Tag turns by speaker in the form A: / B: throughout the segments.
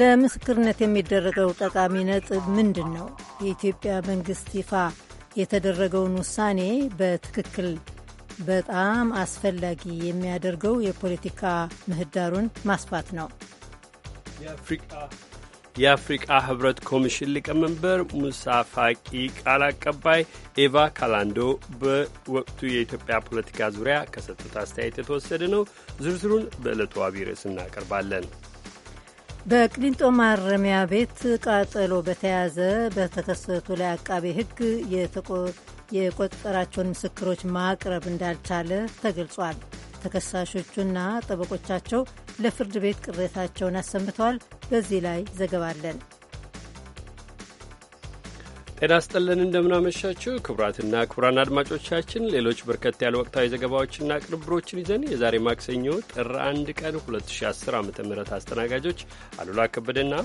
A: ለምስክርነት የሚደረገው ጠቃሚ ነጥብ ምንድን ነው? የኢትዮጵያ መንግስት ይፋ የተደረገውን ውሳኔ በትክክል በጣም አስፈላጊ የሚያደርገው የፖለቲካ ምህዳሩን ማስፋት ነው።
B: የአፍሪቃ ህብረት ኮሚሽን ሊቀመንበር ሙሳ ፋቂ ቃል አቀባይ ኤቫ ካላንዶ በወቅቱ የኢትዮጵያ ፖለቲካ ዙሪያ ከሰጡት አስተያየት የተወሰደ ነው። ዝርዝሩን በዕለቱ አቢይ ርዕስ እናቀርባለን።
A: በቅሊንጦ ማረሚያ ቤት ቃጠሎ በተያዘ በተከሰቱ ላይ አቃቤ ሕግ የቆጠራቸውን ምስክሮች ማቅረብ እንዳልቻለ ተገልጿል። ተከሳሾቹና ጠበቆቻቸው ለፍርድ ቤት ቅሬታቸውን አሰምተዋል። በዚህ ላይ ዘገባ አለን።
B: ጤና ስጠለን እንደምናመሻችው ክቡራትና ክቡራን አድማጮቻችን ሌሎች በርከት ያሉ ወቅታዊ ዘገባዎችና ቅንብሮችን ይዘን የዛሬ ማክሰኞ ጥር 1 ቀን 2010 ዓ ም አስተናጋጆች አሉላ ከበደና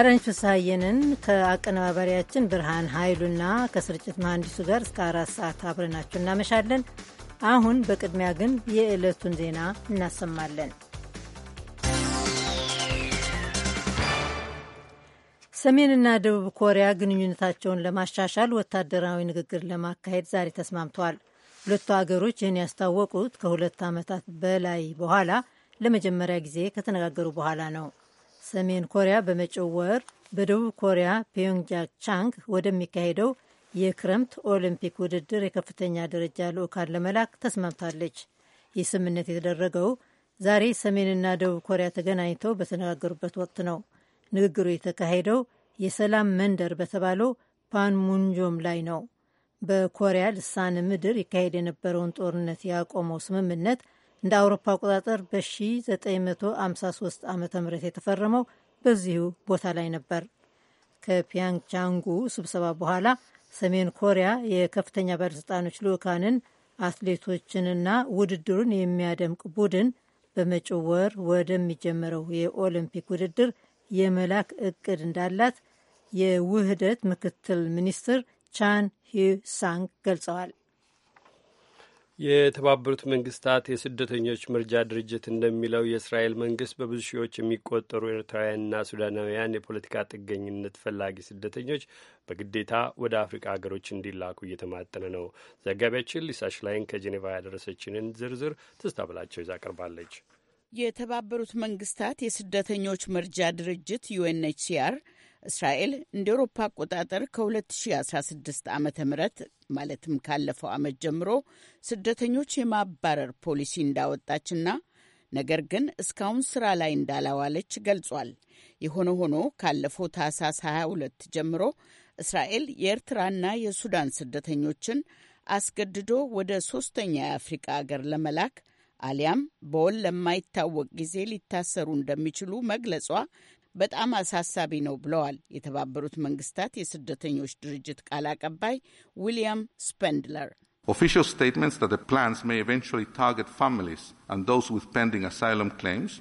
A: አረንጅ ፍስሐየንን ከአቀነባባሪያችን ብርሃን ኃይሉና ከስርጭት መሐንዲሱ ጋር እስከ አራት ሰዓት አብረናችሁ እናመሻለን። አሁን በቅድሚያ ግን የዕለቱን ዜና እናሰማለን። ሰሜንና ደቡብ ኮሪያ ግንኙነታቸውን ለማሻሻል ወታደራዊ ንግግር ለማካሄድ ዛሬ ተስማምተዋል። ሁለቱ አገሮች ይህን ያስታወቁት ከሁለት ዓመታት በላይ በኋላ ለመጀመሪያ ጊዜ ከተነጋገሩ በኋላ ነው። ሰሜን ኮሪያ በመጪው ወር በደቡብ ኮሪያ ፒዮንግያንግ ቻንግ ወደሚካሄደው የክረምት ኦሊምፒክ ውድድር የከፍተኛ ደረጃ ልዑካን ለመላክ ተስማምታለች። ይህ ስምምነት የተደረገው ዛሬ ሰሜንና ደቡብ ኮሪያ ተገናኝተው በተነጋገሩበት ወቅት ነው። ንግግሩ የተካሄደው የሰላም መንደር በተባለው ፓንሙንጆም ላይ ነው። በኮሪያ ልሳነ ምድር ይካሄድ የነበረውን ጦርነት ያቆመው ስምምነት እንደ አውሮፓ አቆጣጠር በ1953 ዓ ም የተፈረመው በዚሁ ቦታ ላይ ነበር። ከፒያንግቻንጉ ስብሰባ በኋላ ሰሜን ኮሪያ የከፍተኛ ባለሥልጣኖች ልዑካንን፣ አትሌቶችንና ውድድሩን የሚያደምቅ ቡድን በመጪው ወር ወደሚጀመረው የኦሎምፒክ ውድድር የመላክ እቅድ እንዳላት የውህደት ምክትል ሚኒስትር ቻን ሂሳንግ ገልጸዋል።
B: የተባበሩት መንግስታት የስደተኞች መርጃ ድርጅት እንደሚለው የእስራኤል መንግስት በብዙ ሺዎች የሚቆጠሩ ኤርትራውያንና ሱዳናውያን የፖለቲካ ጥገኝነት ፈላጊ ስደተኞች በግዴታ ወደ አፍሪካ ሀገሮች እንዲላኩ እየተማጠነ ነው። ዘጋቢያችን ሊሳ ሽላይን ከጄኔቫ ያደረሰችንን ዝርዝር ትስታ ብላቸው ይዛ ቀርባለች።
C: የተባበሩት መንግስታት የስደተኞች መርጃ ድርጅት ዩኤንኤችሲአር እስራኤል እንደ ኤሮፓ አቆጣጠር ከ2016 ዓ ም ማለትም ካለፈው ዓመት ጀምሮ ስደተኞች የማባረር ፖሊሲ እንዳወጣችና ነገር ግን እስካሁን ስራ ላይ እንዳላዋለች ገልጿል። የሆነ ሆኖ ካለፈው ታህሳስ 22 ጀምሮ እስራኤል የኤርትራና የሱዳን ስደተኞችን አስገድዶ ወደ ሶስተኛ የአፍሪቃ አገር ለመላክ አሊያም በወል ለማይታወቅ ጊዜ ሊታሰሩ እንደሚችሉ መግለጿ በጣም አሳሳቢ ነው ብለዋል የተባበሩት መንግስታት የስደተኞች ድርጅት ቃል አቀባይ ዊሊያም ስፐንድለር።
D: official statements that the plans may eventually target families and those with pending asylum claims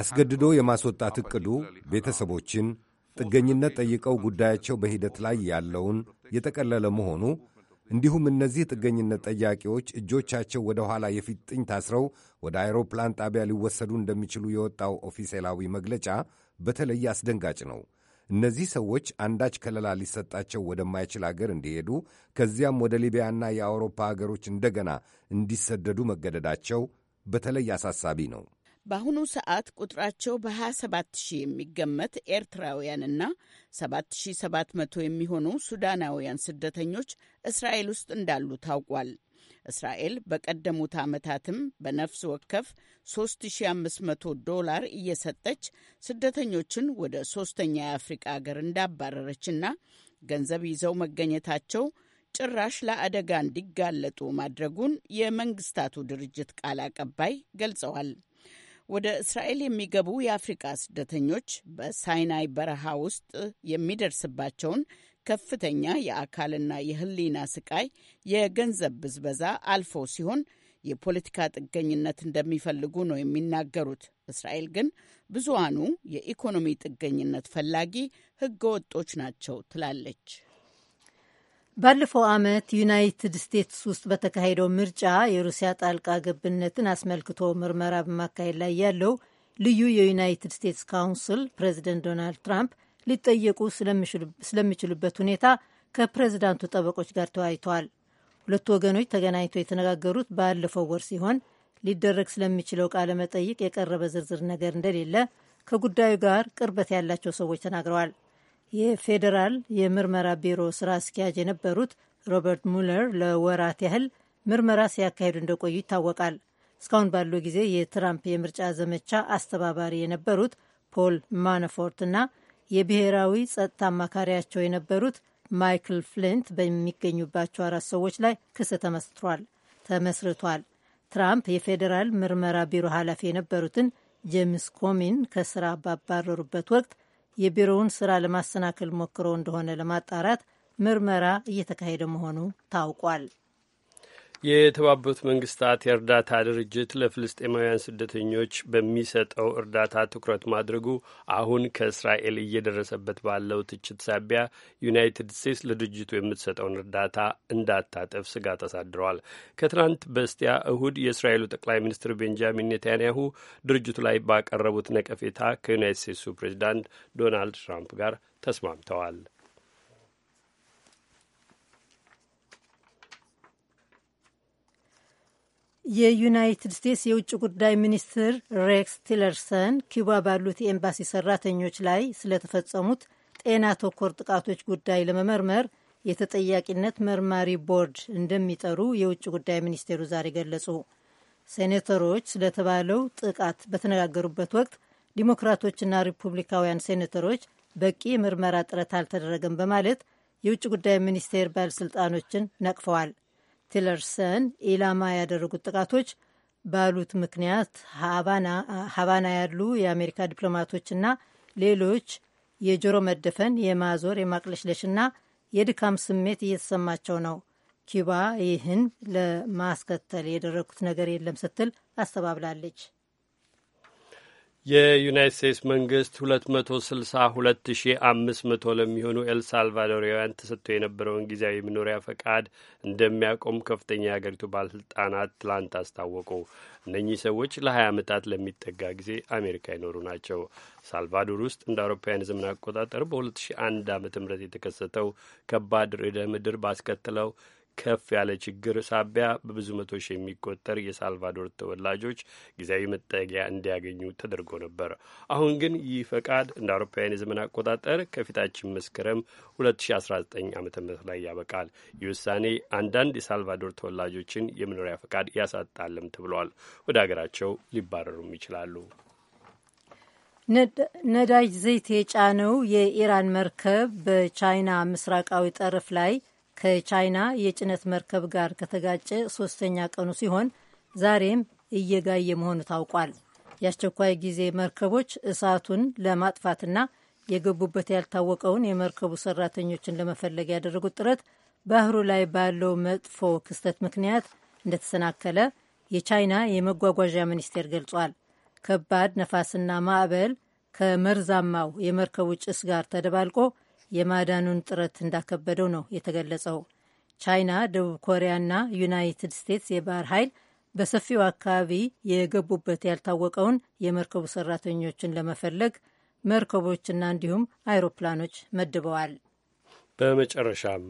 D: አስገድዶ የማስወጣት እቅዱ ቤተሰቦችን ጥገኝነት ጠይቀው ጉዳያቸው በሂደት ላይ ያለውን የጠቀለለ መሆኑ እንዲሁም እነዚህ ጥገኝነት ጠያቂዎች እጆቻቸው ወደ ኋላ የፊጥኝ ታስረው ወደ አይሮፕላን ጣቢያ ሊወሰዱ እንደሚችሉ የወጣው ኦፊሴላዊ መግለጫ በተለይ አስደንጋጭ ነው። እነዚህ ሰዎች አንዳች ከለላ ሊሰጣቸው ወደማይችል አገር እንዲሄዱ ከዚያም ወደ ሊቢያና የአውሮፓ አገሮች እንደገና እንዲሰደዱ መገደዳቸው በተለይ አሳሳቢ ነው።
C: በአሁኑ ሰዓት ቁጥራቸው በ27 ሺህ የሚገመት ኤርትራውያንና 7700 የሚሆኑ ሱዳናውያን ስደተኞች እስራኤል ውስጥ እንዳሉ ታውቋል። እስራኤል በቀደሙት ዓመታትም በነፍስ ወከፍ 3500 ዶላር እየሰጠች ስደተኞችን ወደ ሶስተኛ የአፍሪቃ አገር እንዳባረረችና ገንዘብ ይዘው መገኘታቸው ጭራሽ ለአደጋ እንዲጋለጡ ማድረጉን የመንግስታቱ ድርጅት ቃል አቀባይ ገልጸዋል። ወደ እስራኤል የሚገቡ የአፍሪቃ ስደተኞች በሳይናይ በረሃ ውስጥ የሚደርስባቸውን ከፍተኛ የአካልና የሕሊና ስቃይ፣ የገንዘብ ብዝበዛ አልፎ ሲሆን የፖለቲካ ጥገኝነት እንደሚፈልጉ ነው የሚናገሩት። እስራኤል ግን ብዙሃኑ የኢኮኖሚ ጥገኝነት ፈላጊ ህገ ወጦች ናቸው ትላለች።
A: ባለፈው ዓመት ዩናይትድ ስቴትስ ውስጥ በተካሄደው ምርጫ የሩሲያ ጣልቃ ገብነትን አስመልክቶ ምርመራ በማካሄድ ላይ ያለው ልዩ የዩናይትድ ስቴትስ ካውንስል ፕሬዚደንት ዶናልድ ትራምፕ ሊጠየቁ ስለሚችሉበት ሁኔታ ከፕሬዝዳንቱ ጠበቆች ጋር ተወያይተዋል። ሁለቱ ወገኖች ተገናኝተው የተነጋገሩት ባለፈው ወር ሲሆን ሊደረግ ስለሚችለው ቃለ መጠይቅ የቀረበ ዝርዝር ነገር እንደሌለ ከጉዳዩ ጋር ቅርበት ያላቸው ሰዎች ተናግረዋል። የፌዴራል የምርመራ ቢሮ ስራ አስኪያጅ የነበሩት ሮበርት ሙለር ለወራት ያህል ምርመራ ሲያካሂዱ እንደቆዩ ይታወቃል። እስካሁን ባለው ጊዜ የትራምፕ የምርጫ ዘመቻ አስተባባሪ የነበሩት ፖል ማነፎርት እና የብሔራዊ ጸጥታ አማካሪያቸው የነበሩት ማይክል ፍሊንት በሚገኙባቸው አራት ሰዎች ላይ ክስ ተመስርቷል። ትራምፕ የፌዴራል ምርመራ ቢሮ ኃላፊ የነበሩትን ጄምስ ኮሚን ከስራ ባባረሩበት ወቅት የቢሮውን ስራ ለማሰናከል ሞክረው እንደሆነ ለማጣራት ምርመራ እየተካሄደ መሆኑ ታውቋል።
B: የተባበሩት መንግስታት የእርዳታ ድርጅት ለፍልስጤማውያን ስደተኞች በሚሰጠው እርዳታ ትኩረት ማድረጉ አሁን ከእስራኤል እየደረሰበት ባለው ትችት ሳቢያ ዩናይትድ ስቴትስ ለድርጅቱ የምትሰጠውን እርዳታ እንዳታጠፍ ስጋት አሳድረዋል። ከትናንት በስቲያ እሁድ የእስራኤሉ ጠቅላይ ሚኒስትር ቤንጃሚን ኔታንያሁ ድርጅቱ ላይ ባቀረቡት ነቀፌታ ከዩናይትድ ስቴትሱ ፕሬዚዳንት ዶናልድ ትራምፕ ጋር ተስማምተዋል።
A: የዩናይትድ ስቴትስ የውጭ ጉዳይ ሚኒስትር ሬክስ ቲለርሰን ኪዩባ ባሉት የኤምባሲ ሰራተኞች ላይ ስለተፈጸሙት ጤና ተኮር ጥቃቶች ጉዳይ ለመመርመር የተጠያቂነት መርማሪ ቦርድ እንደሚጠሩ የውጭ ጉዳይ ሚኒስቴሩ ዛሬ ገለጹ። ሴኔተሮች ስለተባለው ጥቃት በተነጋገሩበት ወቅት ዲሞክራቶችና ሪፑብሊካውያን ሴኔተሮች በቂ የምርመራ ጥረት አልተደረገም በማለት የውጭ ጉዳይ ሚኒስቴር ባለሥልጣኖችን ነቅፈዋል። ቲለርሰን ኢላማ ያደረጉት ጥቃቶች ባሉት ምክንያት ሀቫና ያሉ የአሜሪካ ዲፕሎማቶችና ሌሎች የጆሮ መደፈን፣ የማዞር፣ የማቅለሽለሽና የድካም ስሜት እየተሰማቸው ነው። ኪባ ይህን ለማስከተል የደረጉት ነገር የለም ስትል አስተባብላለች።
B: የዩናይት ስቴትስ መንግስት ሁለት መቶ ስልሳ ሁለት ሺ አምስት መቶ ለሚሆኑ ኤልሳልቫዶሪያውያን ተሰጥቶ የነበረውን ጊዜያዊ መኖሪያ ፈቃድ እንደሚያቆም ከፍተኛ የአገሪቱ ባለስልጣናት ትላንት አስታወቁ። እነኚህ ሰዎች ለ20 ዓመታት ለሚጠጋ ጊዜ አሜሪካ ይኖሩ ናቸው። ሳልቫዶር ውስጥ እንደ አውሮፓውያን ዘመን አቆጣጠር በ2001 ዓ ም የተከሰተው ከባድ ርዕደ ምድር ባስከትለው ከፍ ያለ ችግር ሳቢያ በብዙ መቶ ሺህ የሚቆጠር የሳልቫዶር ተወላጆች ጊዜያዊ መጠጊያ እንዲያገኙ ተደርጎ ነበር። አሁን ግን ይህ ፈቃድ እንደ አውሮፓውያን የዘመን አቆጣጠር ከፊታችን መስከረም 2019 ዓ ም ላይ ያበቃል። ይህ ውሳኔ አንዳንድ የሳልቫዶር ተወላጆችን የመኖሪያ ፈቃድ ያሳጣልም ተብሏል። ወደ ሀገራቸው ሊባረሩም ይችላሉ።
A: ነዳጅ ዘይት የጫነው የኢራን መርከብ በቻይና ምስራቃዊ ጠረፍ ላይ ከቻይና የጭነት መርከብ ጋር ከተጋጨ ሶስተኛ ቀኑ ሲሆን ዛሬም እየጋየ መሆኑ ታውቋል። የአስቸኳይ ጊዜ መርከቦች እሳቱን ለማጥፋትና የገቡበት ያልታወቀውን የመርከቡ ሰራተኞችን ለመፈለግ ያደረጉት ጥረት ባህሩ ላይ ባለው መጥፎ ክስተት ምክንያት እንደተሰናከለ የቻይና የመጓጓዣ ሚኒስቴር ገልጿል። ከባድ ነፋስና ማዕበል ከመርዛማው የመርከቡ ጭስ ጋር ተደባልቆ የማዳኑን ጥረት እንዳከበደው ነው የተገለጸው። ቻይና፣ ደቡብ ኮሪያና ዩናይትድ ስቴትስ የባህር ኃይል በሰፊው አካባቢ የገቡበት ያልታወቀውን የመርከቡ ሰራተኞችን ለመፈለግ መርከቦችና እንዲሁም አይሮፕላኖች መድበዋል።
B: በመጨረሻም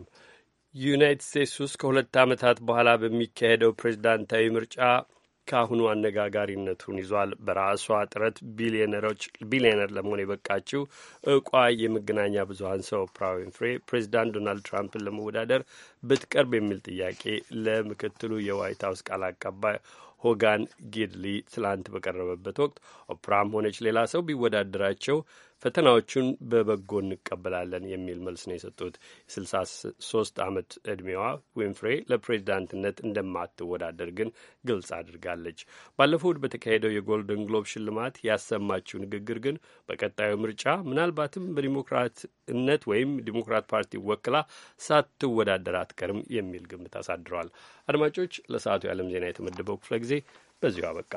B: ዩናይትድ ስቴትስ ውስጥ ከሁለት ዓመታት በኋላ በሚካሄደው ፕሬዝዳንታዊ ምርጫ ከአሁኑ አነጋጋሪነቱን ይዟል። በራሷ ጥረት ቢሊዮነር ለመሆን የበቃችው እቋ የመገናኛ ብዙሀን ሰው ፍሬ ፕሬዚዳንት ዶናልድ ትራምፕን ለመወዳደር ብትቀርብ የሚል ጥያቄ ለምክትሉ የዋይት ሀውስ ቃል አቀባይ ሆጋን ጊድሊ ትላንት በቀረበበት ወቅት ኦፕራም ሆነች ሌላ ሰው ቢወዳደራቸው ፈተናዎቹን በበጎ እንቀበላለን የሚል መልስ ነው የሰጡት። የ63 ዓመት ዕድሜዋ ዊንፍሬ ለፕሬዚዳንትነት እንደማትወዳደር ግን ግልጽ አድርጋለች። ባለፈው እሁድ በተካሄደው የጎልደን ግሎብ ሽልማት ያሰማችው ንግግር ግን በቀጣዩ ምርጫ ምናልባትም በዲሞክራትነት ወይም ዲሞክራት ፓርቲ ወክላ ሳትወዳደር አትቀርም የሚል ግምት አሳድረዋል። አድማጮች፣ ለሰዓቱ የዓለም ዜና የተመደበው ክፍለ ጊዜ በዚሁ አበቃ።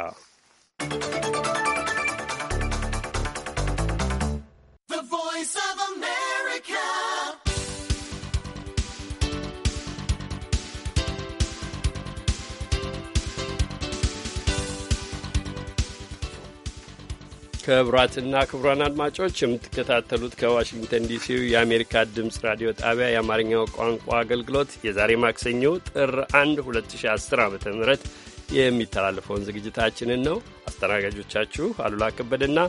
B: ክቡራትና ክቡራን አድማጮች የምትከታተሉት ከዋሽንግተን ዲሲው የአሜሪካ ድምፅ ራዲዮ ጣቢያ የአማርኛው ቋንቋ አገልግሎት የዛሬ ማክሰኞ ጥር 1 2010 ዓ ም የሚተላለፈውን ዝግጅታችንን ነው። አስተናጋጆቻችሁ አሉላ ከበደና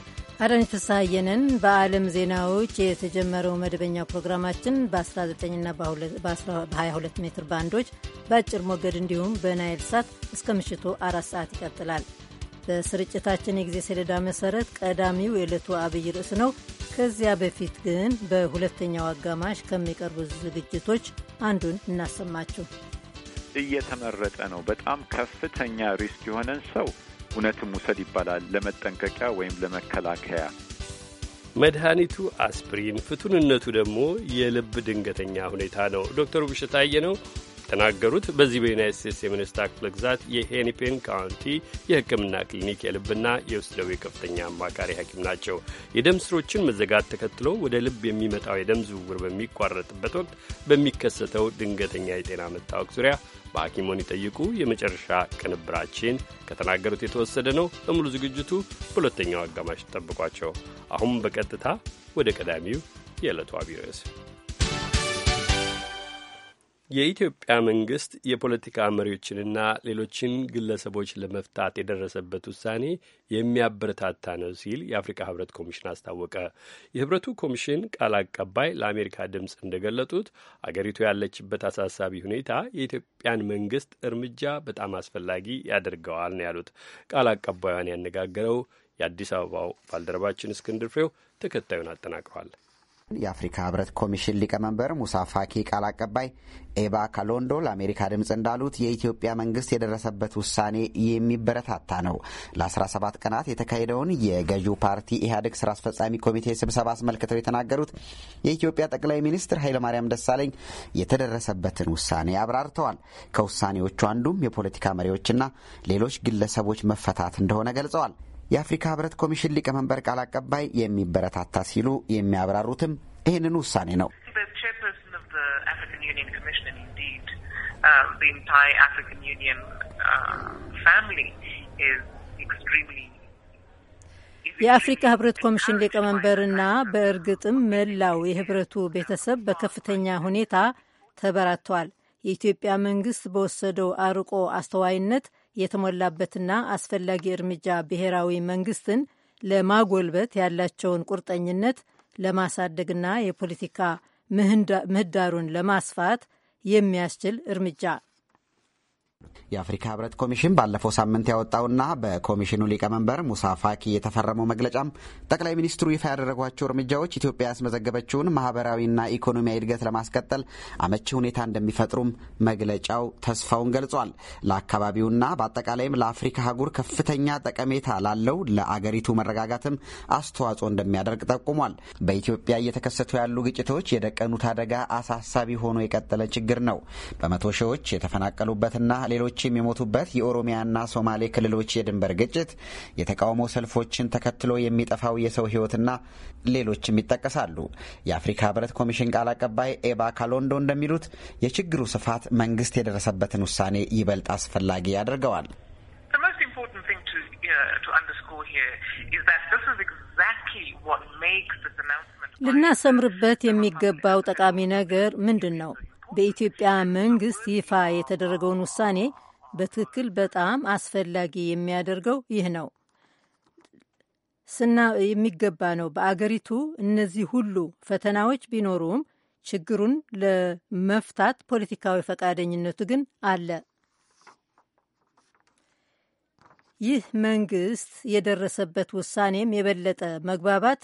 A: አዳነች ፍስሐየንን። በዓለም ዜናዎች የተጀመረው መደበኛ ፕሮግራማችን በ19ና በ22 ሜትር ባንዶች በአጭር ሞገድ እንዲሁም በናይል ሳት እስከ ምሽቱ አራት ሰዓት ይቀጥላል። በስርጭታችን የጊዜ ሰሌዳ መሰረት ቀዳሚው የዕለቱ አብይ ርዕስ ነው። ከዚያ በፊት ግን በሁለተኛው አጋማሽ ከሚቀርቡ ዝግጅቶች አንዱን እናሰማችሁ።
E: እየተመረጠ ነው። በጣም ከፍተኛ ሪስክ የሆነን ሰው እውነትም ውሰድ ይባላል፣ ለመጠንቀቂያ
B: ወይም ለመከላከያ መድኃኒቱ አስፕሪን፣ ፍቱንነቱ ደግሞ የልብ ድንገተኛ ሁኔታ ነው። ዶክተሩ ብሽታየ ነው የተናገሩት በዚህ በዩናይት ስቴትስ የሚኒስታ ክፍለ ግዛት የሄኒፔን ካውንቲ የሕክምና ክሊኒክ የልብና የውስጥ ደዌ ከፍተኛ አማካሪ ሐኪም ናቸው። የደም ስሮችን መዘጋት ተከትሎ ወደ ልብ የሚመጣው የደም ዝውውር በሚቋረጥበት ወቅት በሚከሰተው ድንገተኛ የጤና መታወቅ ዙሪያ በሐኪሞን ይጠይቁ የመጨረሻ ቅንብራችን ከተናገሩት የተወሰደ ነው። በሙሉ ዝግጅቱ በሁለተኛው አጋማሽ ጠብቋቸው። አሁን በቀጥታ ወደ ቀዳሚው የዕለቱ አብይ ርዕስ የኢትዮጵያ መንግስት የፖለቲካ መሪዎችንና ሌሎችን ግለሰቦች ለመፍታት የደረሰበት ውሳኔ የሚያበረታታ ነው ሲል የአፍሪካ ህብረት ኮሚሽን አስታወቀ። የህብረቱ ኮሚሽን ቃል አቀባይ ለአሜሪካ ድምፅ እንደገለጡት አገሪቱ ያለችበት አሳሳቢ ሁኔታ የኢትዮጵያን መንግስት እርምጃ በጣም አስፈላጊ ያደርገዋል ነው ያሉት። ቃል አቀባዩን ያነጋገረው የአዲስ አበባው ባልደረባችን እስክንድር ፍሬው ተከታዩን አጠናቅሯል።
F: የአፍሪካ ህብረት ኮሚሽን ሊቀመንበር ሙሳ ፋኪ ቃል አቀባይ ኤባ ካሎንዶ ለአሜሪካ ድምፅ እንዳሉት የኢትዮጵያ መንግስት የደረሰበት ውሳኔ የሚበረታታ ነው። ለ17 ቀናት የተካሄደውን የገዢው ፓርቲ ኢህአዴግ ስራ አስፈጻሚ ኮሚቴ ስብሰባ አስመልክተው የተናገሩት የኢትዮጵያ ጠቅላይ ሚኒስትር ኃይለማርያም ደሳለኝ የተደረሰበትን ውሳኔ አብራርተዋል። ከውሳኔዎቹ አንዱም የፖለቲካ መሪዎችና ሌሎች ግለሰቦች መፈታት እንደሆነ ገልጸዋል። የአፍሪካ ህብረት ኮሚሽን ሊቀመንበር ቃል አቀባይ የሚበረታታ ሲሉ የሚያብራሩትም ይህንን ውሳኔ ነው።
G: um,
A: uh, የአፍሪካ ህብረት ኮሚሽን ሊቀመንበርና በእርግጥም መላው የህብረቱ ቤተሰብ በከፍተኛ ሁኔታ ተበራቷል። የኢትዮጵያ መንግስት በወሰደው አርቆ አስተዋይነት የተሞላበትና አስፈላጊ እርምጃ ብሔራዊ መንግስትን ለማጎልበት ያላቸውን ቁርጠኝነት ለማሳደግና የፖለቲካ ምህዳሩን ለማስፋት የሚያስችል እርምጃ
F: የአፍሪካ ህብረት ኮሚሽን ባለፈው ሳምንት ያወጣውና በኮሚሽኑ ሊቀመንበር ሙሳ ፋኪ የተፈረመው መግለጫም ጠቅላይ ሚኒስትሩ ይፋ ያደረጓቸው እርምጃዎች ኢትዮጵያ ያስመዘገበችውን ማህበራዊና ኢኮኖሚያዊ እድገት ለማስቀጠል አመቺ ሁኔታ እንደሚፈጥሩም መግለጫው ተስፋውን ገልጿል። ለአካባቢውና በአጠቃላይም ለአፍሪካ አህጉር ከፍተኛ ጠቀሜታ ላለው ለአገሪቱ መረጋጋትም አስተዋጽኦ እንደሚያደርግ ጠቁሟል። በኢትዮጵያ እየተከሰቱ ያሉ ግጭቶች የደቀኑት አደጋ አሳሳቢ ሆኖ የቀጠለ ችግር ነው። በመቶ ሺዎች የተፈናቀሉበትና ሌሎችም የሚሞቱበት የኦሮሚያና ሶማሌ ክልሎች የድንበር ግጭት፣ የተቃውሞ ሰልፎችን ተከትሎ የሚጠፋው የሰው ህይወትና ሌሎችም ይጠቀሳሉ። የአፍሪካ ህብረት ኮሚሽን ቃል አቀባይ ኤባ ካሎንዶ እንደሚሉት የችግሩ ስፋት መንግስት የደረሰበትን ውሳኔ ይበልጥ
A: አስፈላጊ ያደርገዋል። ልናሰምርበት የሚገባው ጠቃሚ ነገር ምንድን ነው? በኢትዮጵያ መንግስት ይፋ የተደረገውን ውሳኔ በትክክል በጣም አስፈላጊ የሚያደርገው ይህ ነው ስና የሚገባ ነው። በአገሪቱ እነዚህ ሁሉ ፈተናዎች ቢኖሩም ችግሩን ለመፍታት ፖለቲካዊ ፈቃደኝነቱ ግን አለ። ይህ መንግስት የደረሰበት ውሳኔም የበለጠ መግባባት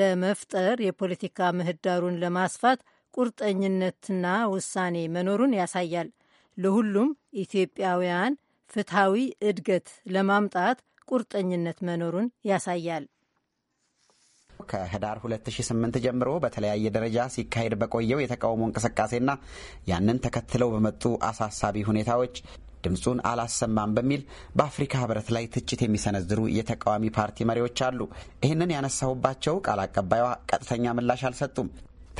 A: ለመፍጠር የፖለቲካ ምህዳሩን ለማስፋት ቁርጠኝነትና ውሳኔ መኖሩን ያሳያል። ለሁሉም ኢትዮጵያውያን ፍትሐዊ እድገት ለማምጣት ቁርጠኝነት መኖሩን ያሳያል።
F: ከህዳር 2008 ጀምሮ በተለያየ ደረጃ ሲካሄድ በቆየው የተቃውሞ እንቅስቃሴና ያንን ተከትለው በመጡ አሳሳቢ ሁኔታዎች ድምፁን አላሰማም በሚል በአፍሪካ ህብረት ላይ ትችት የሚሰነዝሩ የተቃዋሚ ፓርቲ መሪዎች አሉ። ይህንን ያነሳሁባቸው ቃል አቀባይዋ ቀጥተኛ ምላሽ አልሰጡም።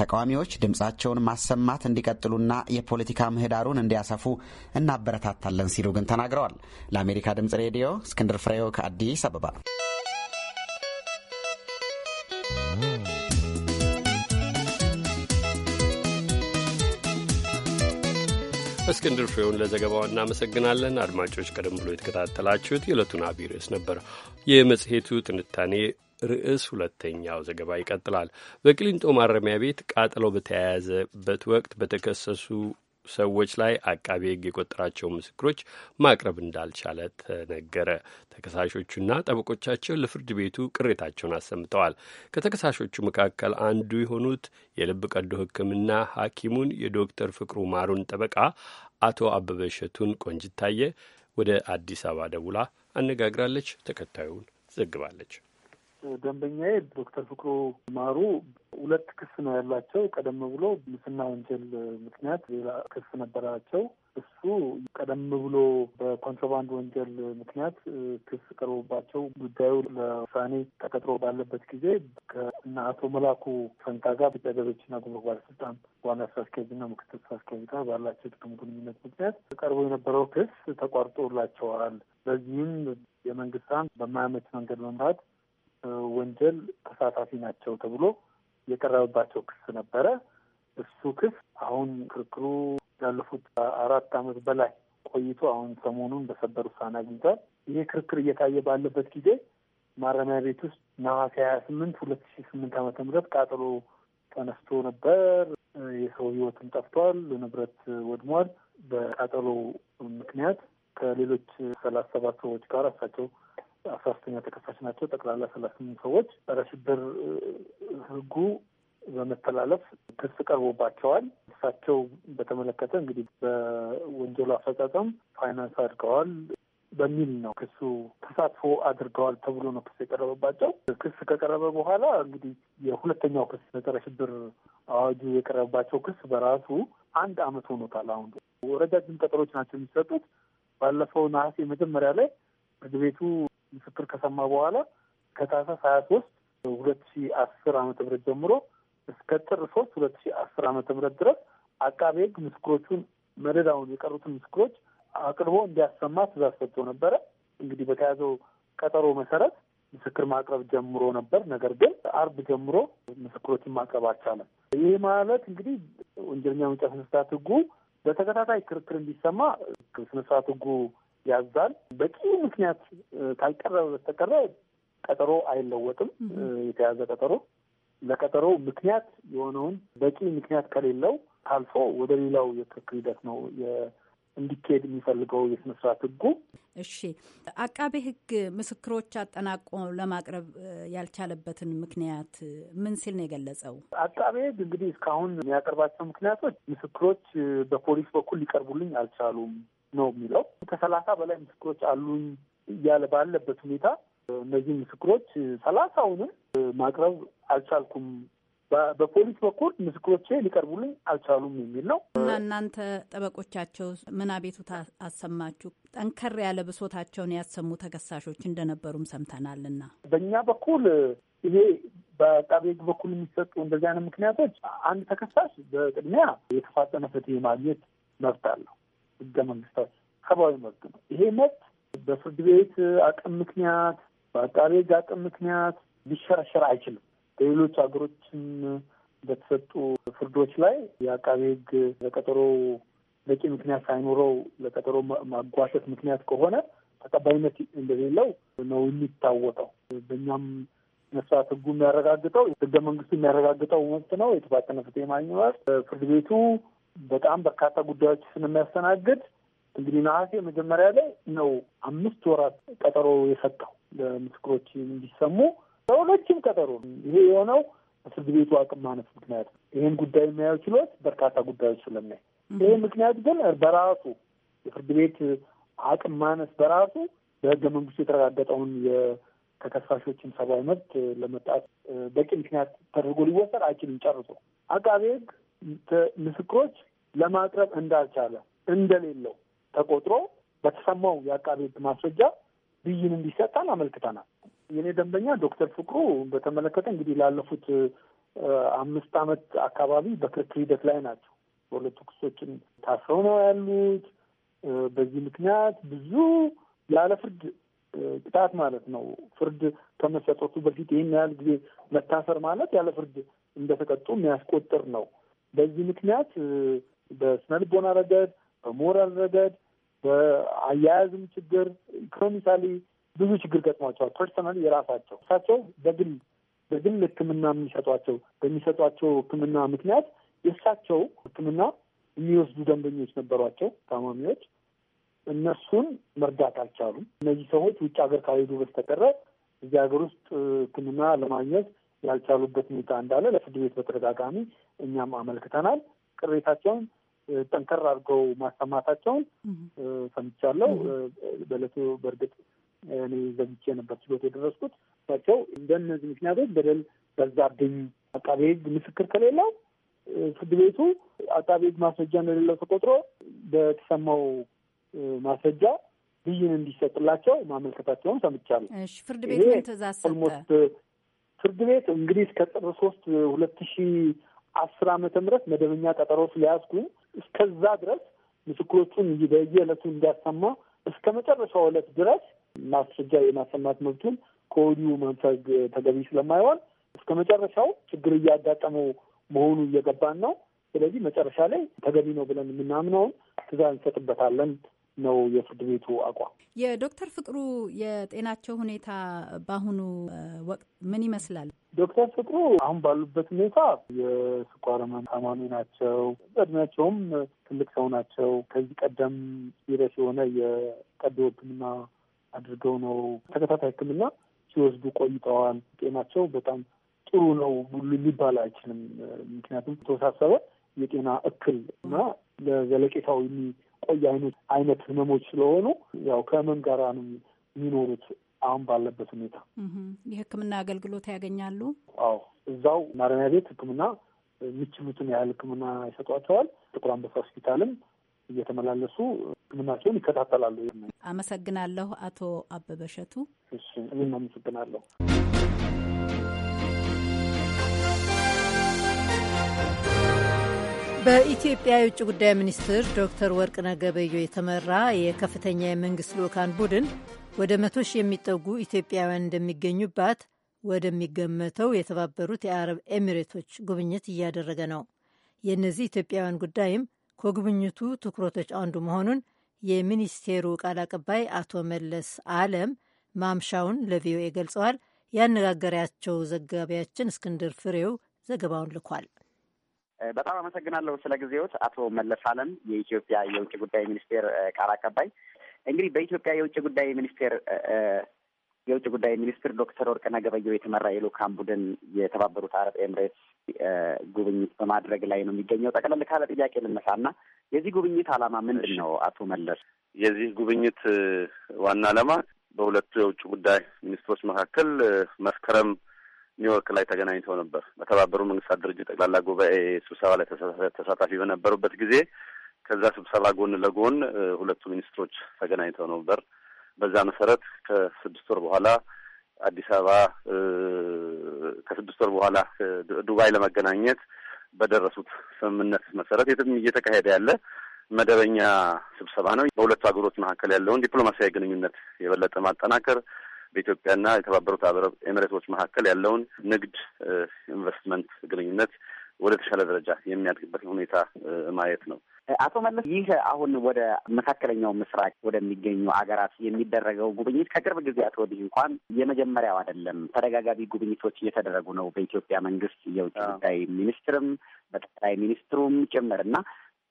F: ተቃዋሚዎች ድምፃቸውን ማሰማት እንዲቀጥሉና የፖለቲካ ምህዳሩን እንዲያሰፉ እናበረታታለን ሲሉ ግን ተናግረዋል። ለአሜሪካ ድምፅ ሬዲዮ እስክንድር ፍሬው ከአዲስ አበባ።
B: እስክንድር ፍሬውን ለዘገባው እናመሰግናለን። አድማጮች፣ ቀደም ብሎ የተከታተላችሁት የዕለቱን አብይ ርዕስ ነበር። የመጽሔቱ ትንታኔ ርዕስ ሁለተኛው ዘገባ ይቀጥላል። በቅሊንጦ ማረሚያ ቤት ቃጥሎ በተያያዘበት ወቅት በተከሰሱ ሰዎች ላይ አቃቤ ሕግ የቆጠራቸው ምስክሮች ማቅረብ እንዳልቻለ ተነገረ። ተከሳሾቹና ጠበቆቻቸው ለፍርድ ቤቱ ቅሬታቸውን አሰምተዋል። ከተከሳሾቹ መካከል አንዱ የሆኑት የልብ ቀዶ ሕክምና ሐኪሙን የዶክተር ፍቅሩ ማሩን ጠበቃ አቶ አበበ እሸቱን ቆንጅታየ ወደ አዲስ አበባ ደውላ አነጋግራለች። ተከታዩን ዘግባለች።
H: ደንበኛዬ ዶክተር ፍቅሩ ማሩ ሁለት ክስ ነው ያላቸው። ቀደም ብሎ ሙስና ወንጀል ምክንያት ሌላ ክስ ነበራቸው። እሱ ቀደም ብሎ በኮንትሮባንድ ወንጀል ምክንያት ክስ ቀርቦባቸው ጉዳዩ ለውሳኔ ተቀጥሮ ባለበት ጊዜ ከእነ አቶ መላኩ ፈንታ ጋር ኢትዮጵያ ገቢዎችና ጉምሩክ ባለስልጣን ዋና ስራ አስኪያጅና ምክትል ስራ አስኪያጅ ጋር ባላቸው ጥቅም ግንኙነት ምክንያት ቀርቦ የነበረው ክስ ተቋርጦላቸዋል። በዚህም የመንግስት በማያመች መንገድ መምራት ወንጀል ተሳታፊ ናቸው ተብሎ የቀረበባቸው ክስ ነበረ። እሱ ክስ አሁን ክርክሩ ያለፉት አራት ዓመት በላይ ቆይቶ አሁን ሰሞኑን በሰበር ውሳኔ አግኝቷል። ይሄ ክርክር እየታየ ባለበት ጊዜ ማረሚያ ቤት ውስጥ ነሐሴ ሀያ ስምንት ሁለት ሺ ስምንት ዓመተ ምህረት ቃጠሎ ተነስቶ ነበር። የሰው ህይወትም ጠፍቷል፣ ንብረት ወድሟል። በቃጠሎ ምክንያት ከሌሎች ሰላሳ ሰባት ሰዎች ጋር እሳቸው አስራ ሶስተኛ ተከሳሽ ናቸው። ጠቅላላ ሰላሳ ስምንት ሰዎች ጸረ ሽብር ህጉ በመተላለፍ ክስ ቀርቦባቸዋል። እሳቸው በተመለከተ እንግዲህ በወንጀሉ አፈጻጸም ፋይናንስ አድርገዋል በሚል ነው ክሱ ተሳትፎ አድርገዋል ተብሎ ነው ክስ የቀረበባቸው። ክስ ከቀረበ በኋላ እንግዲህ የሁለተኛው ክስ በጸረ ሽብር አዋጁ የቀረበባቸው ክስ በራሱ አንድ አመት ሆኖታል። አሁን ረጃጅም ቀጠሮች ናቸው የሚሰጡት። ባለፈው ነሐሴ መጀመሪያ ላይ ፍርድ ቤቱ ምስክር ከሰማ በኋላ ከታህሳስ ሀያ ሶስት ሁለት ሺ አስር አመተ ምህረት ጀምሮ እስከ ጥር ሶስት ሁለት ሺ አስር አመተ ምህረት ድረስ አቃቤ ሕግ ምስክሮቹን መደዳውን የቀሩትን ምስክሮች አቅርቦ እንዲያሰማ ትእዛዝ ሰጥቶ ነበረ። እንግዲህ በተያዘው ቀጠሮ መሰረት ምስክር ማቅረብ ጀምሮ ነበር። ነገር ግን አርብ ጀምሮ ምስክሮችን ማቅረብ አልቻለም። ይህ ማለት እንግዲህ ወንጀለኛ መቅጫ ስነስርዓት ህጉ በተከታታይ ክርክር እንዲሰማ ስነስርዓት ህጉ ያዛል። በቂ ምክንያት ካልቀረበ በስተቀረ ቀጠሮ አይለወጥም። የተያዘ ቀጠሮ ለቀጠሮ ምክንያት የሆነውን በቂ ምክንያት ከሌለው ታልፎ ወደ ሌላው የክርክር ሂደት ነው እንዲካሄድ የሚፈልገው የስነስራት ህጉ።
I: እሺ፣ አቃቤ ህግ ምስክሮች አጠናቆ ለማቅረብ ያልቻለበትን ምክንያት ምን ሲል ነው የገለጸው?
H: አቃቤ ህግ እንግዲህ እስካሁን የሚያቀርባቸው ምክንያቶች ምስክሮች በፖሊስ በኩል ሊቀርቡልኝ አልቻሉም፣ ነው የሚለው። ከሰላሳ በላይ ምስክሮች አሉኝ እያለ ባለበት ሁኔታ እነዚህ ምስክሮች ሰላሳውንም ማቅረብ አልቻልኩም፣ በፖሊስ በኩል ምስክሮቼ ሊቀርቡልኝ አልቻሉም የሚል ነው። እና
I: እናንተ ጠበቆቻቸው ምን አቤቱታ አሰማችሁ? ጠንከር ያለ ብሶታቸውን ያሰሙ ተከሳሾች እንደነበሩም ሰምተናልና በእኛ በኩል
H: ይሄ በአቃቤ ሕግ በኩል የሚሰጡ እንደዚህ አይነት ምክንያቶች አንድ ተከሳሽ በቅድሚያ የተፋጠነ ፍትህ ማግኘት መብት አለው። ህገ መንግስታት ሰብአዊ መብት ነው። ይሄ መብት በፍርድ ቤት አቅም ምክንያት፣ በአቃቤ ህግ አቅም ምክንያት ሊሸረሸር አይችልም። በሌሎች ሀገሮችም በተሰጡ ፍርዶች ላይ የአቃቤ ህግ ለቀጠሮ በቂ ምክንያት ሳይኖረው ለቀጠሮ ማጓሸት ምክንያት ከሆነ ተቀባይነት እንደሌለው ነው የሚታወቀው። በእኛም መስራት ህጉ የሚያረጋግጠው ህገ መንግስቱ የሚያረጋግጠው መብት ነው። የተፋጠነ ፍትህ የማግኘት ፍርድ ቤቱ በጣም በርካታ ጉዳዮች ስለሚያስተናግድ እንግዲህ ነሐሴ መጀመሪያ ላይ ነው አምስት ወራት ቀጠሮ የሰጠው ለምስክሮች እንዲሰሙ ለሁለቱም ቀጠሮ ይሄ የሆነው ፍርድ ቤቱ አቅም ማነስ ምክንያት ይህን ጉዳይ የሚያየው ችሎት በርካታ ጉዳዮች ስለሚያይ ይህ ምክንያት ግን በራሱ የፍርድ ቤት አቅም ማነስ በራሱ በህገ መንግስቱ የተረጋገጠውን የተከሳሾችን ሰብአዊ መብት ለመጣት በቂ ምክንያት ተደርጎ ሊወሰድ አይችልም። ጨርሶ አቃቤ ህግ ምስክሮች ለማቅረብ እንዳልቻለ እንደሌለው ተቆጥሮ በተሰማው የአቃቤ ሕግ ማስረጃ ብይን እንዲሰጠን አመልክተናል። የኔ ደንበኛ ዶክተር ፍቅሩ በተመለከተ እንግዲህ ላለፉት አምስት ዓመት አካባቢ በክርክር ሂደት ላይ ናቸው። በሁለቱ ክሶችን ታስረው ነው ያሉት። በዚህ ምክንያት ብዙ ያለ ፍርድ ቅጣት ማለት ነው። ፍርድ ከመሰጠቱ በፊት ይህን ያህል ጊዜ መታሰር ማለት ያለ ፍርድ እንደተቀጡ የሚያስቆጥር ነው። በዚህ ምክንያት በስነልቦና ረገድ፣ በሞራል ረገድ፣ በአያያዝም ችግር ኢኮኖሚካሊ ብዙ ችግር ገጥሟቸዋል። ፐርሰናል የራሳቸው እሳቸው በግል በግል ሕክምና የሚሰጧቸው በሚሰጧቸው ሕክምና ምክንያት የእሳቸው ሕክምና የሚወስዱ ደንበኞች ነበሯቸው፣ ታማሚዎች። እነሱን መርዳት አልቻሉም። እነዚህ ሰዎች ውጭ ሀገር ካልሄዱ በስተቀረ እዚህ ሀገር ውስጥ ህክምና ለማግኘት ያልቻሉበት ሁኔታ እንዳለ ለፍርድ ቤት በተደጋጋሚ እኛም አመልክተናል። ቅሬታቸውን ጠንከር አድርገው ማሰማታቸውን ሰምቻለሁ። በእለቱ በእርግጥ እኔ ዘግቼ ነበር ችሎት የደረስኩት። እሳቸው እንደነዚህ ምክንያቶች በደል በዛብኝ፣ አቃቤ ሕግ ምስክር ከሌለው ፍርድ ቤቱ አቃቤ ሕግ ማስረጃ እንደሌለው ተቆጥሮ በተሰማው ማስረጃ ብይን እንዲሰጥላቸው ማመልከታቸውን ሰምቻለሁ።
I: ፍርድ ቤት ምን ትእዛዝ ሰጠ?
H: ፍርድ ቤት እንግዲህ እስከ ጥር ሶስት ሁለት ሺህ አስር ዓመተ ምህረት መደበኛ ቀጠሮ ስለያዝኩኝ እስከዛ ድረስ ምስክሮቹን በየዕለቱ እንዲያሰማ እስከ መጨረሻው ዕለት ድረስ ማስረጃ የማሰማት መብቱን ከወዲሁ መንፈግ ተገቢ ስለማይሆን እስከ መጨረሻው ችግር እያጋጠመው መሆኑ እየገባን ነው። ስለዚህ መጨረሻ ላይ ተገቢ ነው ብለን የምናምነውን ትዕዛዝ እንሰጥበታለን ነው የፍርድ ቤቱ አቋም።
I: የዶክተር ፍቅሩ የጤናቸው ሁኔታ በአሁኑ ወቅት ምን ይመስላል?
H: ዶክተር ፍቅሩ አሁን ባሉበት ሁኔታ የስኳር ህመም ታማሚ ናቸው። በእድሜያቸውም ትልቅ ሰው ናቸው። ከዚህ ቀደም ሲሪየስ የሆነ የቀዶ ህክምና አድርገው ነው ተከታታይ ህክምና ሲወስዱ ቆይተዋል። ጤናቸው በጣም ጥሩ ነው ሊባል አይችልም። ምክንያቱም የተወሳሰበ የጤና እክል እና ለዘለቄታው የሚቆይ አይነት ህመሞች ስለሆኑ ያው ከህመም ጋራ ነው የሚኖሩት አሁን ባለበት ሁኔታ
I: የህክምና አገልግሎት ያገኛሉ።
H: አዎ እዛው ማረሚያ ቤት ህክምና የሚችሉትን ያህል ህክምና ይሰጧቸዋል። ጥቁር አንበሳ ሆስፒታልም እየተመላለሱ ህክምናቸውን ይከታተላሉ።
I: አመሰግናለሁ አቶ አበበ እሸቱ። እሺ እኔም
H: አመሰግናለሁ።
A: በኢትዮጵያ የውጭ ጉዳይ ሚኒስትር ዶክተር ወርቅነህ ገበየሁ የተመራ የከፍተኛ የመንግስት ልኡካን ቡድን ወደ መቶ ሺህ የሚጠጉ ኢትዮጵያውያን እንደሚገኙባት ወደሚገመተው የተባበሩት የአረብ ኤሚሬቶች ጉብኝት እያደረገ ነው። የእነዚህ ኢትዮጵያውያን ጉዳይም ከጉብኝቱ ትኩረቶች አንዱ መሆኑን የሚኒስቴሩ ቃል አቀባይ አቶ መለስ አለም ማምሻውን ለቪኦኤ ገልጸዋል። ያነጋገሪያቸው ዘጋቢያችን እስክንድር ፍሬው ዘገባውን ልኳል።
G: በጣም አመሰግናለሁ ስለ ጊዜዎት አቶ መለስ አለም፣ የኢትዮጵያ የውጭ ጉዳይ ሚኒስቴር ቃል አቀባይ። እንግዲህ በኢትዮጵያ የውጭ ጉዳይ ሚኒስቴር የውጭ ጉዳይ ሚኒስትር ዶክተር ወርቅነህ ገበየሁ የተመራ የልዑካን ቡድን የተባበሩት አረብ ኤምሬትስ ጉብኝት በማድረግ ላይ ነው የሚገኘው። ጠቅለል ካለ ጥያቄ እና የዚህ ጉብኝት ዓላማ ምንድን ነው? አቶ መለስ፣ የዚህ ጉብኝት
D: ዋና ዓላማ በሁለቱ የውጭ ጉዳይ ሚኒስትሮች መካከል መስከረም ኒውዮርክ ላይ ተገናኝተው ነበር። በተባበሩ መንግስታት ድርጅት ጠቅላላ ጉባኤ ስብሰባ ላይ ተሳታፊ በነበሩበት ጊዜ ከዛ ስብሰባ ጎን ለጎን ሁለቱ ሚኒስትሮች ተገናኝተው ነበር። በዛ መሰረት ከስድስት ወር በኋላ አዲስ አበባ ከስድስት ወር በኋላ ዱባይ ለመገናኘት በደረሱት ስምምነት መሰረት የትም እየተካሄደ ያለ መደበኛ ስብሰባ ነው። በሁለቱ ሀገሮች መካከል ያለውን ዲፕሎማሲያዊ ግንኙነት የበለጠ ማጠናከር፣ በኢትዮጵያና የተባበሩት አረብ መካከል ያለውን ንግድ ኢንቨስትመንት ግንኙነት ወደ ተሻለ ደረጃ የሚያድግበትን
G: ሁኔታ ማየት ነው። አቶ መለስ ይህ አሁን ወደ መካከለኛው ምስራቅ ወደሚገኙ አገራት የሚደረገው ጉብኝት ከቅርብ ጊዜያት ወዲህ እንኳን የመጀመሪያው አይደለም። ተደጋጋሚ ጉብኝቶች እየተደረጉ ነው በኢትዮጵያ መንግስት የውጭ ጉዳይ ሚኒስትርም በጠቅላይ ሚኒስትሩም ጭምር እና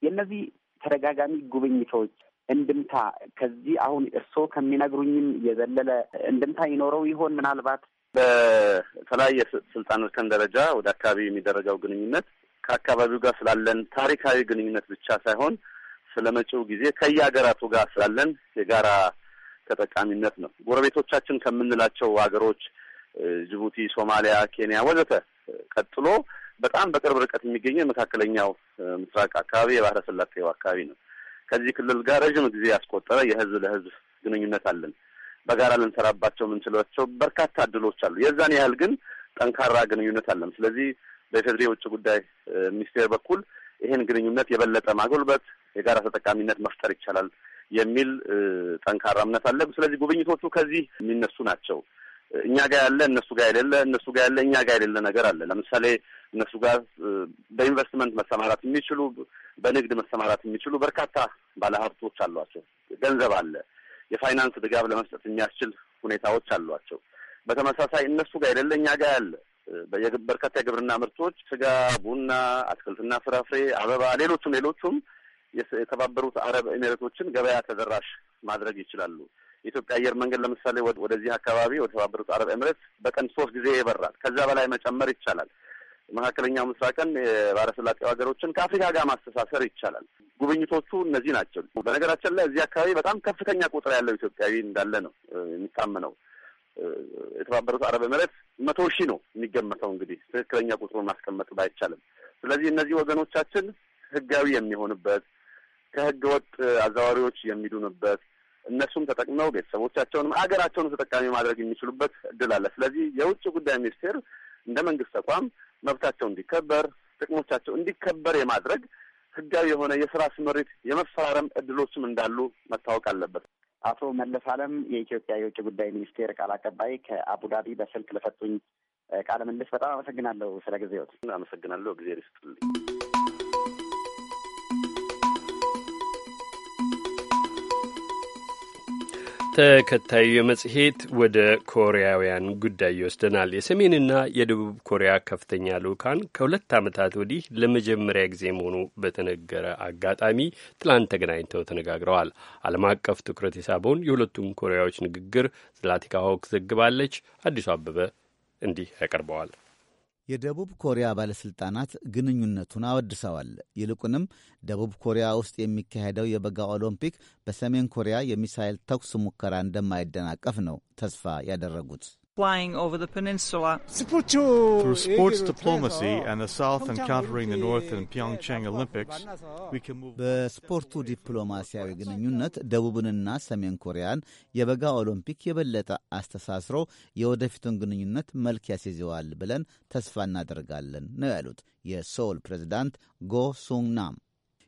G: የእነዚህ ተደጋጋሚ ጉብኝቶች እንድምታ ከዚህ አሁን እርስዎ ከሚነግሩኝም የዘለለ እንድምታ ይኖረው ይሆን? ምናልባት
D: በተለያየ ስልጣን ደረጃ ወደ አካባቢ የሚደረገው ግንኙነት ከአካባቢው ጋር ስላለን ታሪካዊ ግንኙነት ብቻ ሳይሆን ስለ መጪው ጊዜ ከየሀገራቱ ጋር ስላለን የጋራ ተጠቃሚነት ነው። ጎረቤቶቻችን ከምንላቸው ሀገሮች ጅቡቲ፣ ሶማሊያ፣ ኬንያ ወዘተ ቀጥሎ በጣም በቅርብ ርቀት የሚገኘ መካከለኛው ምስራቅ አካባቢ የባህረ ሰላጤው አካባቢ ነው። ከዚህ ክልል ጋር ረዥም ጊዜ ያስቆጠረ የህዝብ ለህዝብ ግንኙነት አለን። በጋራ ልንሰራባቸው የምንችላቸው በርካታ እድሎች አሉ። የዛን ያህል ግን ጠንካራ ግንኙነት አለን። ስለዚህ በኢፌድሪ የውጭ ጉዳይ ሚኒስቴር በኩል ይህን ግንኙነት የበለጠ ማጎልበት፣ የጋራ ተጠቃሚነት መፍጠር ይቻላል የሚል ጠንካራ እምነት አለ። ስለዚህ ጉብኝቶቹ ከዚህ የሚነሱ ናቸው። እኛ ጋር ያለ እነሱ ጋር የሌለ፣ እነሱ ጋር ያለ እኛ ጋር የሌለ ነገር አለ። ለምሳሌ እነሱ ጋር በኢንቨስትመንት መሰማራት የሚችሉ በንግድ መሰማራት የሚችሉ በርካታ ባለሀብቶች አሏቸው። ገንዘብ አለ። የፋይናንስ ድጋፍ ለመስጠት የሚያስችል ሁኔታዎች አሏቸው። በተመሳሳይ እነሱ ጋር አይደለ እኛ ጋር ያለ በርካታ የግብርና ምርቶች ስጋ፣ ቡና፣ አትክልትና ፍራፍሬ፣ አበባ፣ ሌሎቹም ሌሎቹም የተባበሩት አረብ ኤሚሬቶችን ገበያ ተደራሽ ማድረግ ይችላሉ። የኢትዮጵያ አየር መንገድ ለምሳሌ ወደዚህ አካባቢ ወደ ተባበሩት አረብ ኤምሬት በቀን ሶስት ጊዜ ይበራል። ከዛ በላይ መጨመር ይቻላል። መካከለኛው ምስራቅን የባለስላጤው ሀገሮችን ከአፍሪካ ጋር ማስተሳሰር ይቻላል። ጉብኝቶቹ እነዚህ ናቸው። በነገራችን ላይ እዚህ አካባቢ በጣም ከፍተኛ ቁጥር ያለው ኢትዮጵያዊ እንዳለ ነው የሚታመነው። የተባበሩት አረብ ኤምሬት መቶ ሺህ ነው የሚገመተው። እንግዲህ ትክክለኛ ቁጥሩን ማስቀመጥ ባይቻልም፣ ስለዚህ እነዚህ ወገኖቻችን ህጋዊ የሚሆንበት ከህገ ወጥ አዘዋዋሪዎች የሚዱንበት እነሱም ተጠቅመው ቤተሰቦቻቸውንም ሀገራቸውንም ተጠቃሚ ማድረግ የሚችሉበት እድል አለ። ስለዚህ የውጭ ጉዳይ ሚኒስቴር እንደ መንግስት ተቋም መብታቸው እንዲከበር፣ ጥቅሞቻቸው እንዲከበር የማድረግ ህጋዊ የሆነ የስራ ስምሪት የመፈራረም እድሎችም እንዳሉ መታወቅ
G: አለበት። አቶ መለስ አለም የኢትዮጵያ የውጭ ጉዳይ ሚኒስቴር ቃል አቀባይ ከአቡዳቢ በስልክ ለሰጡኝ ቃለ ምልልስ በጣም አመሰግናለሁ። ስለ ጊዜዎት አመሰግናለሁ። እግዜር ይስጥልኝ።
B: ተከታዩ የመጽሔት ወደ ኮሪያውያን ጉዳይ ይወስደናል። የሰሜንና የደቡብ ኮሪያ ከፍተኛ ልዑካን ከሁለት ዓመታት ወዲህ ለመጀመሪያ ጊዜ መሆኑ በተነገረ አጋጣሚ ትላንት ተገናኝተው ተነጋግረዋል። ዓለም አቀፍ ትኩረት የሳበውን የሁለቱም ኮሪያዎች ንግግር ዝላቲካ ሆክ ዘግባለች። አዲሱ አበበ እንዲህ ያቀርበዋል።
J: የደቡብ ኮሪያ ባለሥልጣናት ግንኙነቱን አወድሰዋል። ይልቁንም ደቡብ ኮሪያ ውስጥ የሚካሄደው የበጋ ኦሎምፒክ በሰሜን ኮሪያ የሚሳይል ተኩስ ሙከራ እንደማይደናቀፍ ነው ተስፋ ያደረጉት።
C: flying over the peninsula. Through sports
J: diplomacy and the South encountering the North in Pyeongchang Olympics, we can move... በስፖርቱ ዲፕሎማሲያዊ ግንኙነት ደቡብንና ሰሜን ኮሪያን የበጋ ኦሎምፒክ የበለጠ አስተሳስሮ የወደፊቱን ግንኙነት መልክ ያስይዘዋል ብለን ተስፋ እናደርጋለን ነው ያሉት የሶል ፕሬዚዳንት ጎ ሱንግ ናም።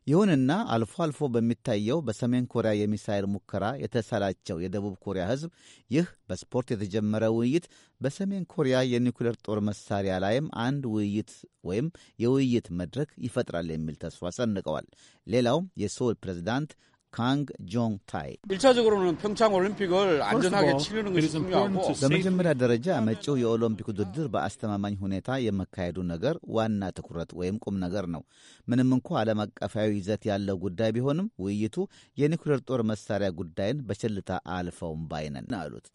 J: ይሁንና አልፎ አልፎ በሚታየው በሰሜን ኮሪያ የሚሳይል ሙከራ የተሰላቸው የደቡብ ኮሪያ ሕዝብ ይህ በስፖርት የተጀመረ ውይይት በሰሜን ኮሪያ የኒውክሌር ጦር መሳሪያ ላይም አንድ ውይይት ወይም የውይይት መድረክ ይፈጥራል የሚል ተስፋ ሰንቀዋል። ሌላው የሶል ፕሬዝዳንት ካንግ ጆንግ ታይ በመጀመሪያ ደረጃ መጪው የኦሎምፒክ ውድድር በአስተማማኝ ሁኔታ የመካሄዱ ነገር ዋና ትኩረት ወይም ቁም ነገር ነው። ምንም እንኳ ዓለም አቀፋዊ ይዘት ያለው ጉዳይ ቢሆንም ውይይቱ የኒኩሌር ጦር መሳሪያ ጉዳይን በቸልታ አልፈውም ባይነን አሉት።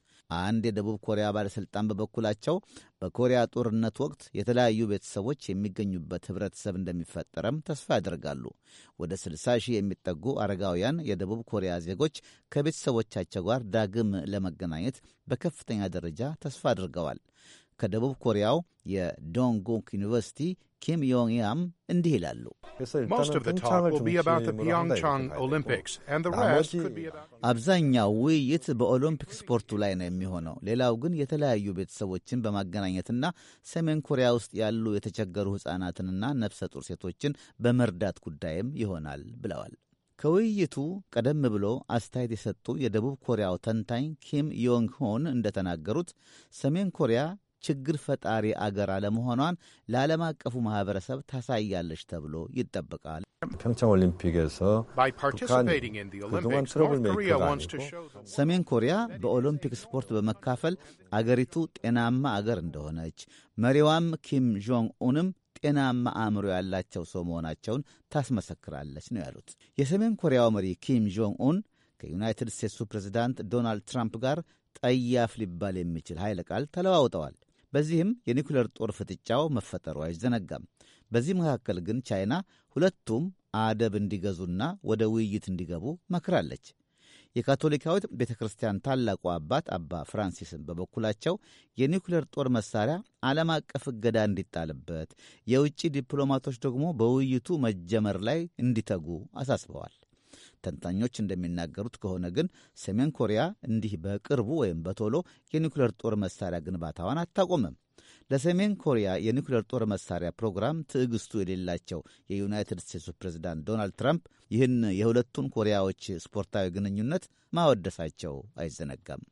J: አንድ የደቡብ ኮሪያ ባለሥልጣን በበኩላቸው በኮሪያ ጦርነት ወቅት የተለያዩ ቤተሰቦች የሚገኙበት ኅብረተሰብ እንደሚፈጠረም ተስፋ ያደርጋሉ። ወደ 60 ሺህ የሚጠጉ አረጋውያን የደቡብ ኮሪያ ዜጎች ከቤተሰቦቻቸው ጋር ዳግም ለመገናኘት በከፍተኛ ደረጃ ተስፋ አድርገዋል። ከደቡብ ኮሪያው የዶንጎንግ ዩኒቨርሲቲ ኪም ዮንግ ያም እንዲህ ይላሉ። አብዛኛው ውይይት በኦሎምፒክ ስፖርቱ ላይ ነው የሚሆነው። ሌላው ግን የተለያዩ ቤተሰቦችን በማገናኘትና ሰሜን ኮሪያ ውስጥ ያሉ የተቸገሩ ሕፃናትንና ነፍሰ ጡር ሴቶችን በመርዳት ጉዳይም ይሆናል ብለዋል። ከውይይቱ ቀደም ብሎ አስተያየት የሰጡ የደቡብ ኮሪያው ተንታኝ ኪም ዮንግ ሆን እንደተናገሩት ሰሜን ኮሪያ ችግር ፈጣሪ አገር አለመሆኗን ለዓለም አቀፉ ማህበረሰብ ታሳያለች ተብሎ ይጠበቃል። ሰሜን ኮሪያ በኦሎምፒክ ስፖርት በመካፈል አገሪቱ ጤናማ አገር እንደሆነች መሪዋም ኪም ጆንግ ኡንም ጤናማ አእምሮ ያላቸው ሰው መሆናቸውን ታስመሰክራለች ነው ያሉት። የሰሜን ኮሪያው መሪ ኪም ጆንግ ኡን ከዩናይትድ ስቴትሱ ፕሬዝዳንት ዶናልድ ትራምፕ ጋር ጠያፍ ሊባል የሚችል ኃይለ ቃል ተለዋውጠዋል። በዚህም የኒኩሌር ጦር ፍጥጫው መፈጠሩ አይዘነጋም። በዚህ መካከል ግን ቻይና ሁለቱም አደብ እንዲገዙና ወደ ውይይት እንዲገቡ መክራለች። የካቶሊካዊት ቤተ ክርስቲያን ታላቁ አባት አባ ፍራንሲስን በበኩላቸው የኒኩሌር ጦር መሳሪያ ዓለም አቀፍ እገዳ እንዲጣልበት፣ የውጭ ዲፕሎማቶች ደግሞ በውይይቱ መጀመር ላይ እንዲተጉ አሳስበዋል። ተንታኞች እንደሚናገሩት ከሆነ ግን ሰሜን ኮሪያ እንዲህ በቅርቡ ወይም በቶሎ የኒውክሌር ጦር መሳሪያ ግንባታዋን አታቆምም። ለሰሜን ኮሪያ የኒውክሌር ጦር መሳሪያ ፕሮግራም ትዕግስቱ የሌላቸው የዩናይትድ ስቴትሱ ፕሬዚዳንት ዶናልድ ትራምፕ ይህን የሁለቱን ኮሪያዎች ስፖርታዊ ግንኙነት ማወደሳቸው አይዘነጋም።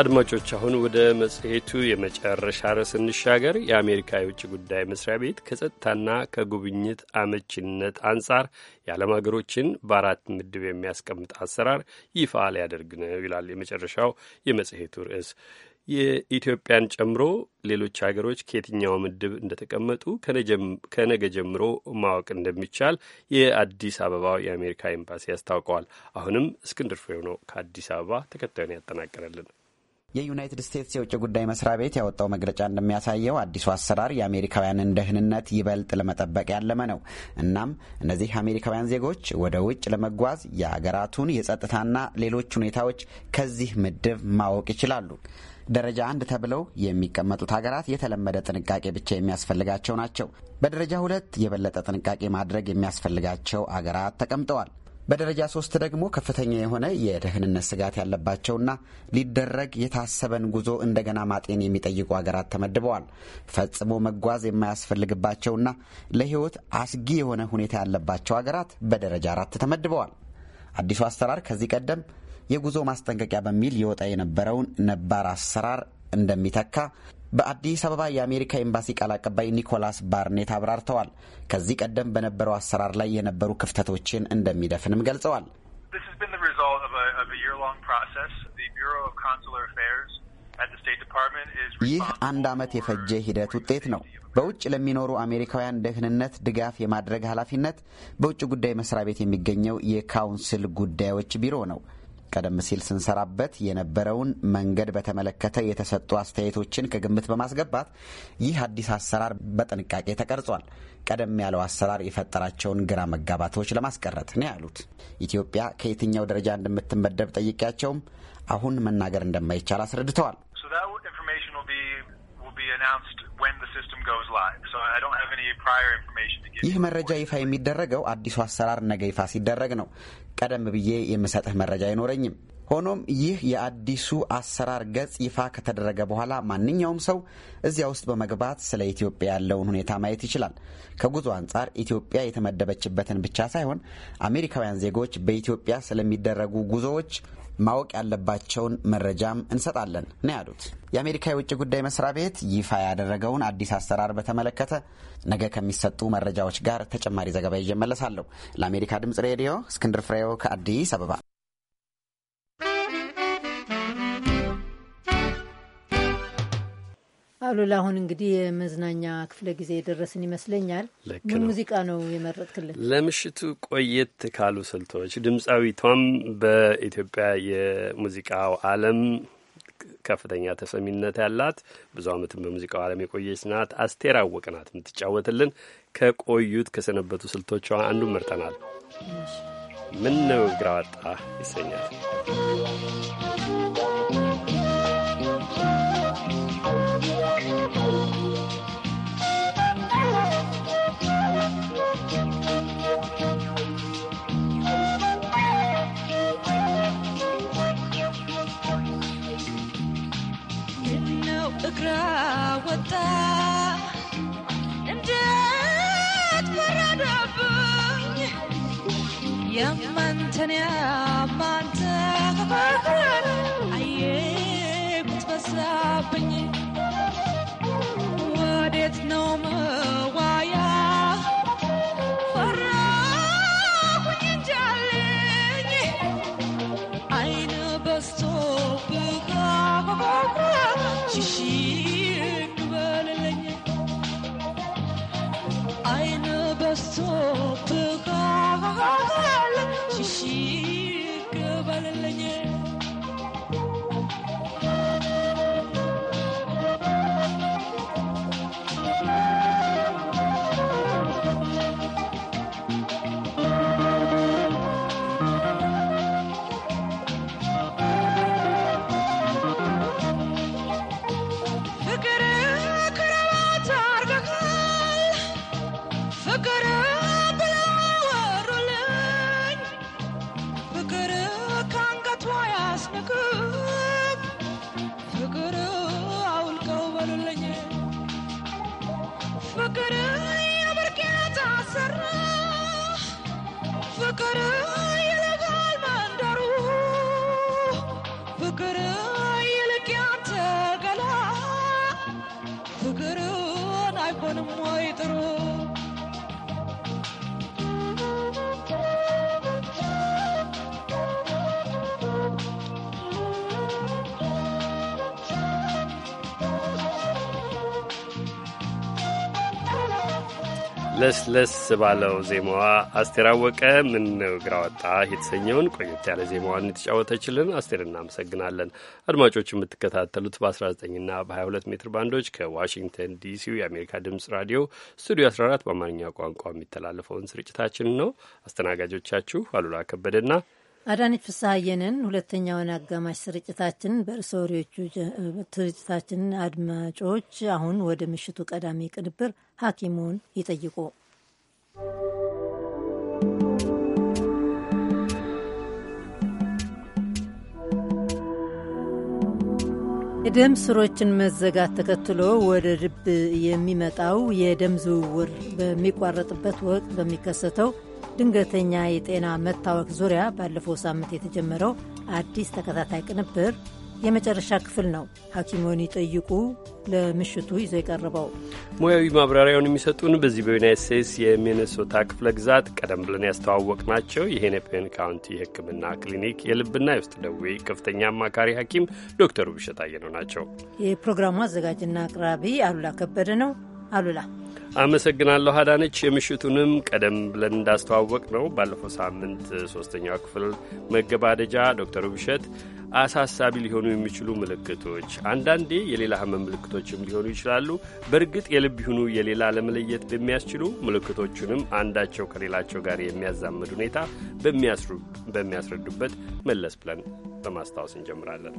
B: አድማጮች አሁን ወደ መጽሔቱ የመጨረሻ ርዕስ እንሻገር። የአሜሪካ የውጭ ጉዳይ መስሪያ ቤት ከጸጥታና ከጉብኝት አመቺነት አንጻር የዓለም ሀገሮችን በአራት ምድብ የሚያስቀምጥ አሰራር ይፋ ሊያደርግ ነው ይላል የመጨረሻው የመጽሔቱ ርዕስ። የኢትዮጵያን ጨምሮ ሌሎች ሀገሮች ከየትኛው ምድብ እንደተቀመጡ ከነገ ጀምሮ ማወቅ እንደሚቻል የአዲስ አበባው የአሜሪካ ኤምባሲ አስታውቀዋል። አሁንም እስክንድር ፍሬው ነው ከአዲስ አበባ ተከታዩን ያጠናቀረልን።
F: የዩናይትድ ስቴትስ የውጭ ጉዳይ መስሪያ ቤት ያወጣው መግለጫ እንደሚያሳየው አዲሱ አሰራር የአሜሪካውያንን ደህንነት ይበልጥ ለመጠበቅ ያለመ ነው። እናም እነዚህ አሜሪካውያን ዜጎች ወደ ውጭ ለመጓዝ የአገራቱን የጸጥታና ሌሎች ሁኔታዎች ከዚህ ምድብ ማወቅ ይችላሉ። ደረጃ አንድ ተብለው የሚቀመጡት ሀገራት የተለመደ ጥንቃቄ ብቻ የሚያስፈልጋቸው ናቸው። በደረጃ ሁለት የበለጠ ጥንቃቄ ማድረግ የሚያስፈልጋቸው አገራት ተቀምጠዋል። በደረጃ ሶስት ደግሞ ከፍተኛ የሆነ የደህንነት ስጋት ያለባቸውና ሊደረግ የታሰበን ጉዞ እንደገና ማጤን የሚጠይቁ ሀገራት ተመድበዋል። ፈጽሞ መጓዝ የማያስፈልግባቸውና ለሕይወት አስጊ የሆነ ሁኔታ ያለባቸው ሀገራት በደረጃ አራት ተመድበዋል። አዲሱ አሰራር ከዚህ ቀደም የጉዞ ማስጠንቀቂያ በሚል ይወጣ የነበረውን ነባር አሰራር እንደሚተካ በአዲስ አበባ የአሜሪካ ኤምባሲ ቃል አቀባይ ኒኮላስ ባርኔት አብራርተዋል። ከዚህ ቀደም በነበረው አሰራር ላይ የነበሩ ክፍተቶችን እንደሚደፍንም ገልጸዋል። ይህ አንድ ዓመት የፈጀ ሂደት ውጤት ነው። በውጭ ለሚኖሩ አሜሪካውያን ደህንነት ድጋፍ የማድረግ ኃላፊነት በውጭ ጉዳይ መስሪያ ቤት የሚገኘው የካውንስል ጉዳዮች ቢሮ ነው። ቀደም ሲል ስንሰራበት የነበረውን መንገድ በተመለከተ የተሰጡ አስተያየቶችን ከግምት በማስገባት ይህ አዲስ አሰራር በጥንቃቄ ተቀርጿል። ቀደም ያለው አሰራር የፈጠራቸውን ግራ መጋባቶች ለማስቀረት ነው ያሉት። ኢትዮጵያ ከየትኛው ደረጃ እንደምትመደብ ጠይቄያቸውም አሁን መናገር እንደማይቻል አስረድተዋል። ይህ መረጃ ይፋ የሚደረገው አዲሱ አሰራር ነገ ይፋ ሲደረግ ነው። ቀደም ብዬ የምሰጥህ መረጃ አይኖረኝም። ሆኖም ይህ የአዲሱ አሰራር ገጽ ይፋ ከተደረገ በኋላ ማንኛውም ሰው እዚያ ውስጥ በመግባት ስለ ኢትዮጵያ ያለውን ሁኔታ ማየት ይችላል። ከጉዞ አንጻር ኢትዮጵያ የተመደበችበትን ብቻ ሳይሆን አሜሪካውያን ዜጎች በኢትዮጵያ ስለሚደረጉ ጉዞዎች ማወቅ ያለባቸውን መረጃም እንሰጣለን ነው ያሉት። የአሜሪካ የውጭ ጉዳይ መስሪያ ቤት ይፋ ያደረገውን አዲስ አሰራር በተመለከተ ነገ ከሚሰጡ መረጃዎች ጋር ተጨማሪ ዘገባ ይዤ እመለሳለሁ። ለአሜሪካ ድምጽ ሬዲዮ እስክንድር ፍሬው ከአዲስ አበባ
A: አሉላ አሁን እንግዲህ የመዝናኛ ክፍለ ጊዜ የደረስን ይመስለኛል። ምን ሙዚቃ ነው የመረጥክልን?
B: ለምሽቱ ቆየት ካሉ ስልቶች ድምፃዊቷም በኢትዮጵያ የሙዚቃው ዓለም ከፍተኛ ተሰሚነት ያላት ብዙ ዓመትም በሙዚቃው ዓለም የቆየች ናት አስቴር አወቀ ናት የምትጫወትልን። ከቆዩት ከሰነበቱ ስልቶቿ አንዱ መርጠናል። ምን ነው ግራ ወጣ ይሰኛል።
K: I'm amante ayer cuz
B: ለስለስ ባለው ዜማዋ አስቴር አወቀ ምን ነው ግራ ወጣ የተሰኘውን ቆየት ያለ ዜማዋን የተጫወተችልን አስቴር እናመሰግናለን። አድማጮች የምትከታተሉት በ19ና በ22 ሜትር ባንዶች ከዋሽንግተን ዲሲው የአሜሪካ ድምፅ ራዲዮ ስቱዲዮ 14 በአማርኛ ቋንቋ የሚተላለፈውን ስርጭታችን ነው። አስተናጋጆቻችሁ አሉላ ከበደና
A: አዳነች ፍስሐየንን ሁለተኛውን አጋማሽ ስርጭታችን በርዕሰ ወሬዎቹ ስርጭታችን አድማጮች፣ አሁን ወደ ምሽቱ ቀዳሚ ቅንብር ሐኪሙን ይጠይቁ የደም ስሮችን መዘጋት ተከትሎ ወደ ልብ የሚመጣው የደም ዝውውር በሚቋረጥበት ወቅት በሚከሰተው ድንገተኛ የጤና መታወክ ዙሪያ ባለፈው ሳምንት የተጀመረው አዲስ ተከታታይ ቅንብር የመጨረሻ ክፍል ነው። ሐኪሙን ይጠይቁ ለምሽቱ ይዞ የቀረበው
B: ሙያዊ ማብራሪያውን የሚሰጡን በዚህ በዩናይት ስቴትስ የሚኔሶታ ክፍለ ግዛት ቀደም ብለን ያስተዋወቅ ናቸው የሄነፔን ካውንቲ የሕክምና ክሊኒክ የልብና የውስጥ ደዌ ከፍተኛ አማካሪ ሐኪም ዶክተሩ ብሸት አየነው ናቸው።
A: የፕሮግራሙ አዘጋጅና አቅራቢ አሉላ ከበደ ነው። አሉላ
B: አመሰግናለሁ አዳነች። የምሽቱንም ቀደም ብለን እንዳስተዋወቅ ነው ባለፈው ሳምንት ሶስተኛው ክፍል መገባደጃ ዶክተር ውብሸት አሳሳቢ ሊሆኑ የሚችሉ ምልክቶች አንዳንዴ የሌላ ህመም ምልክቶችም ሊሆኑ ይችላሉ። በእርግጥ የልብ ይሁኑ የሌላ ለመለየት በሚያስችሉ ምልክቶቹንም አንዳቸው ከሌላቸው ጋር የሚያዛምድ ሁኔታ በሚያስረዱበት መለስ ብለን በማስታወስ እንጀምራለን።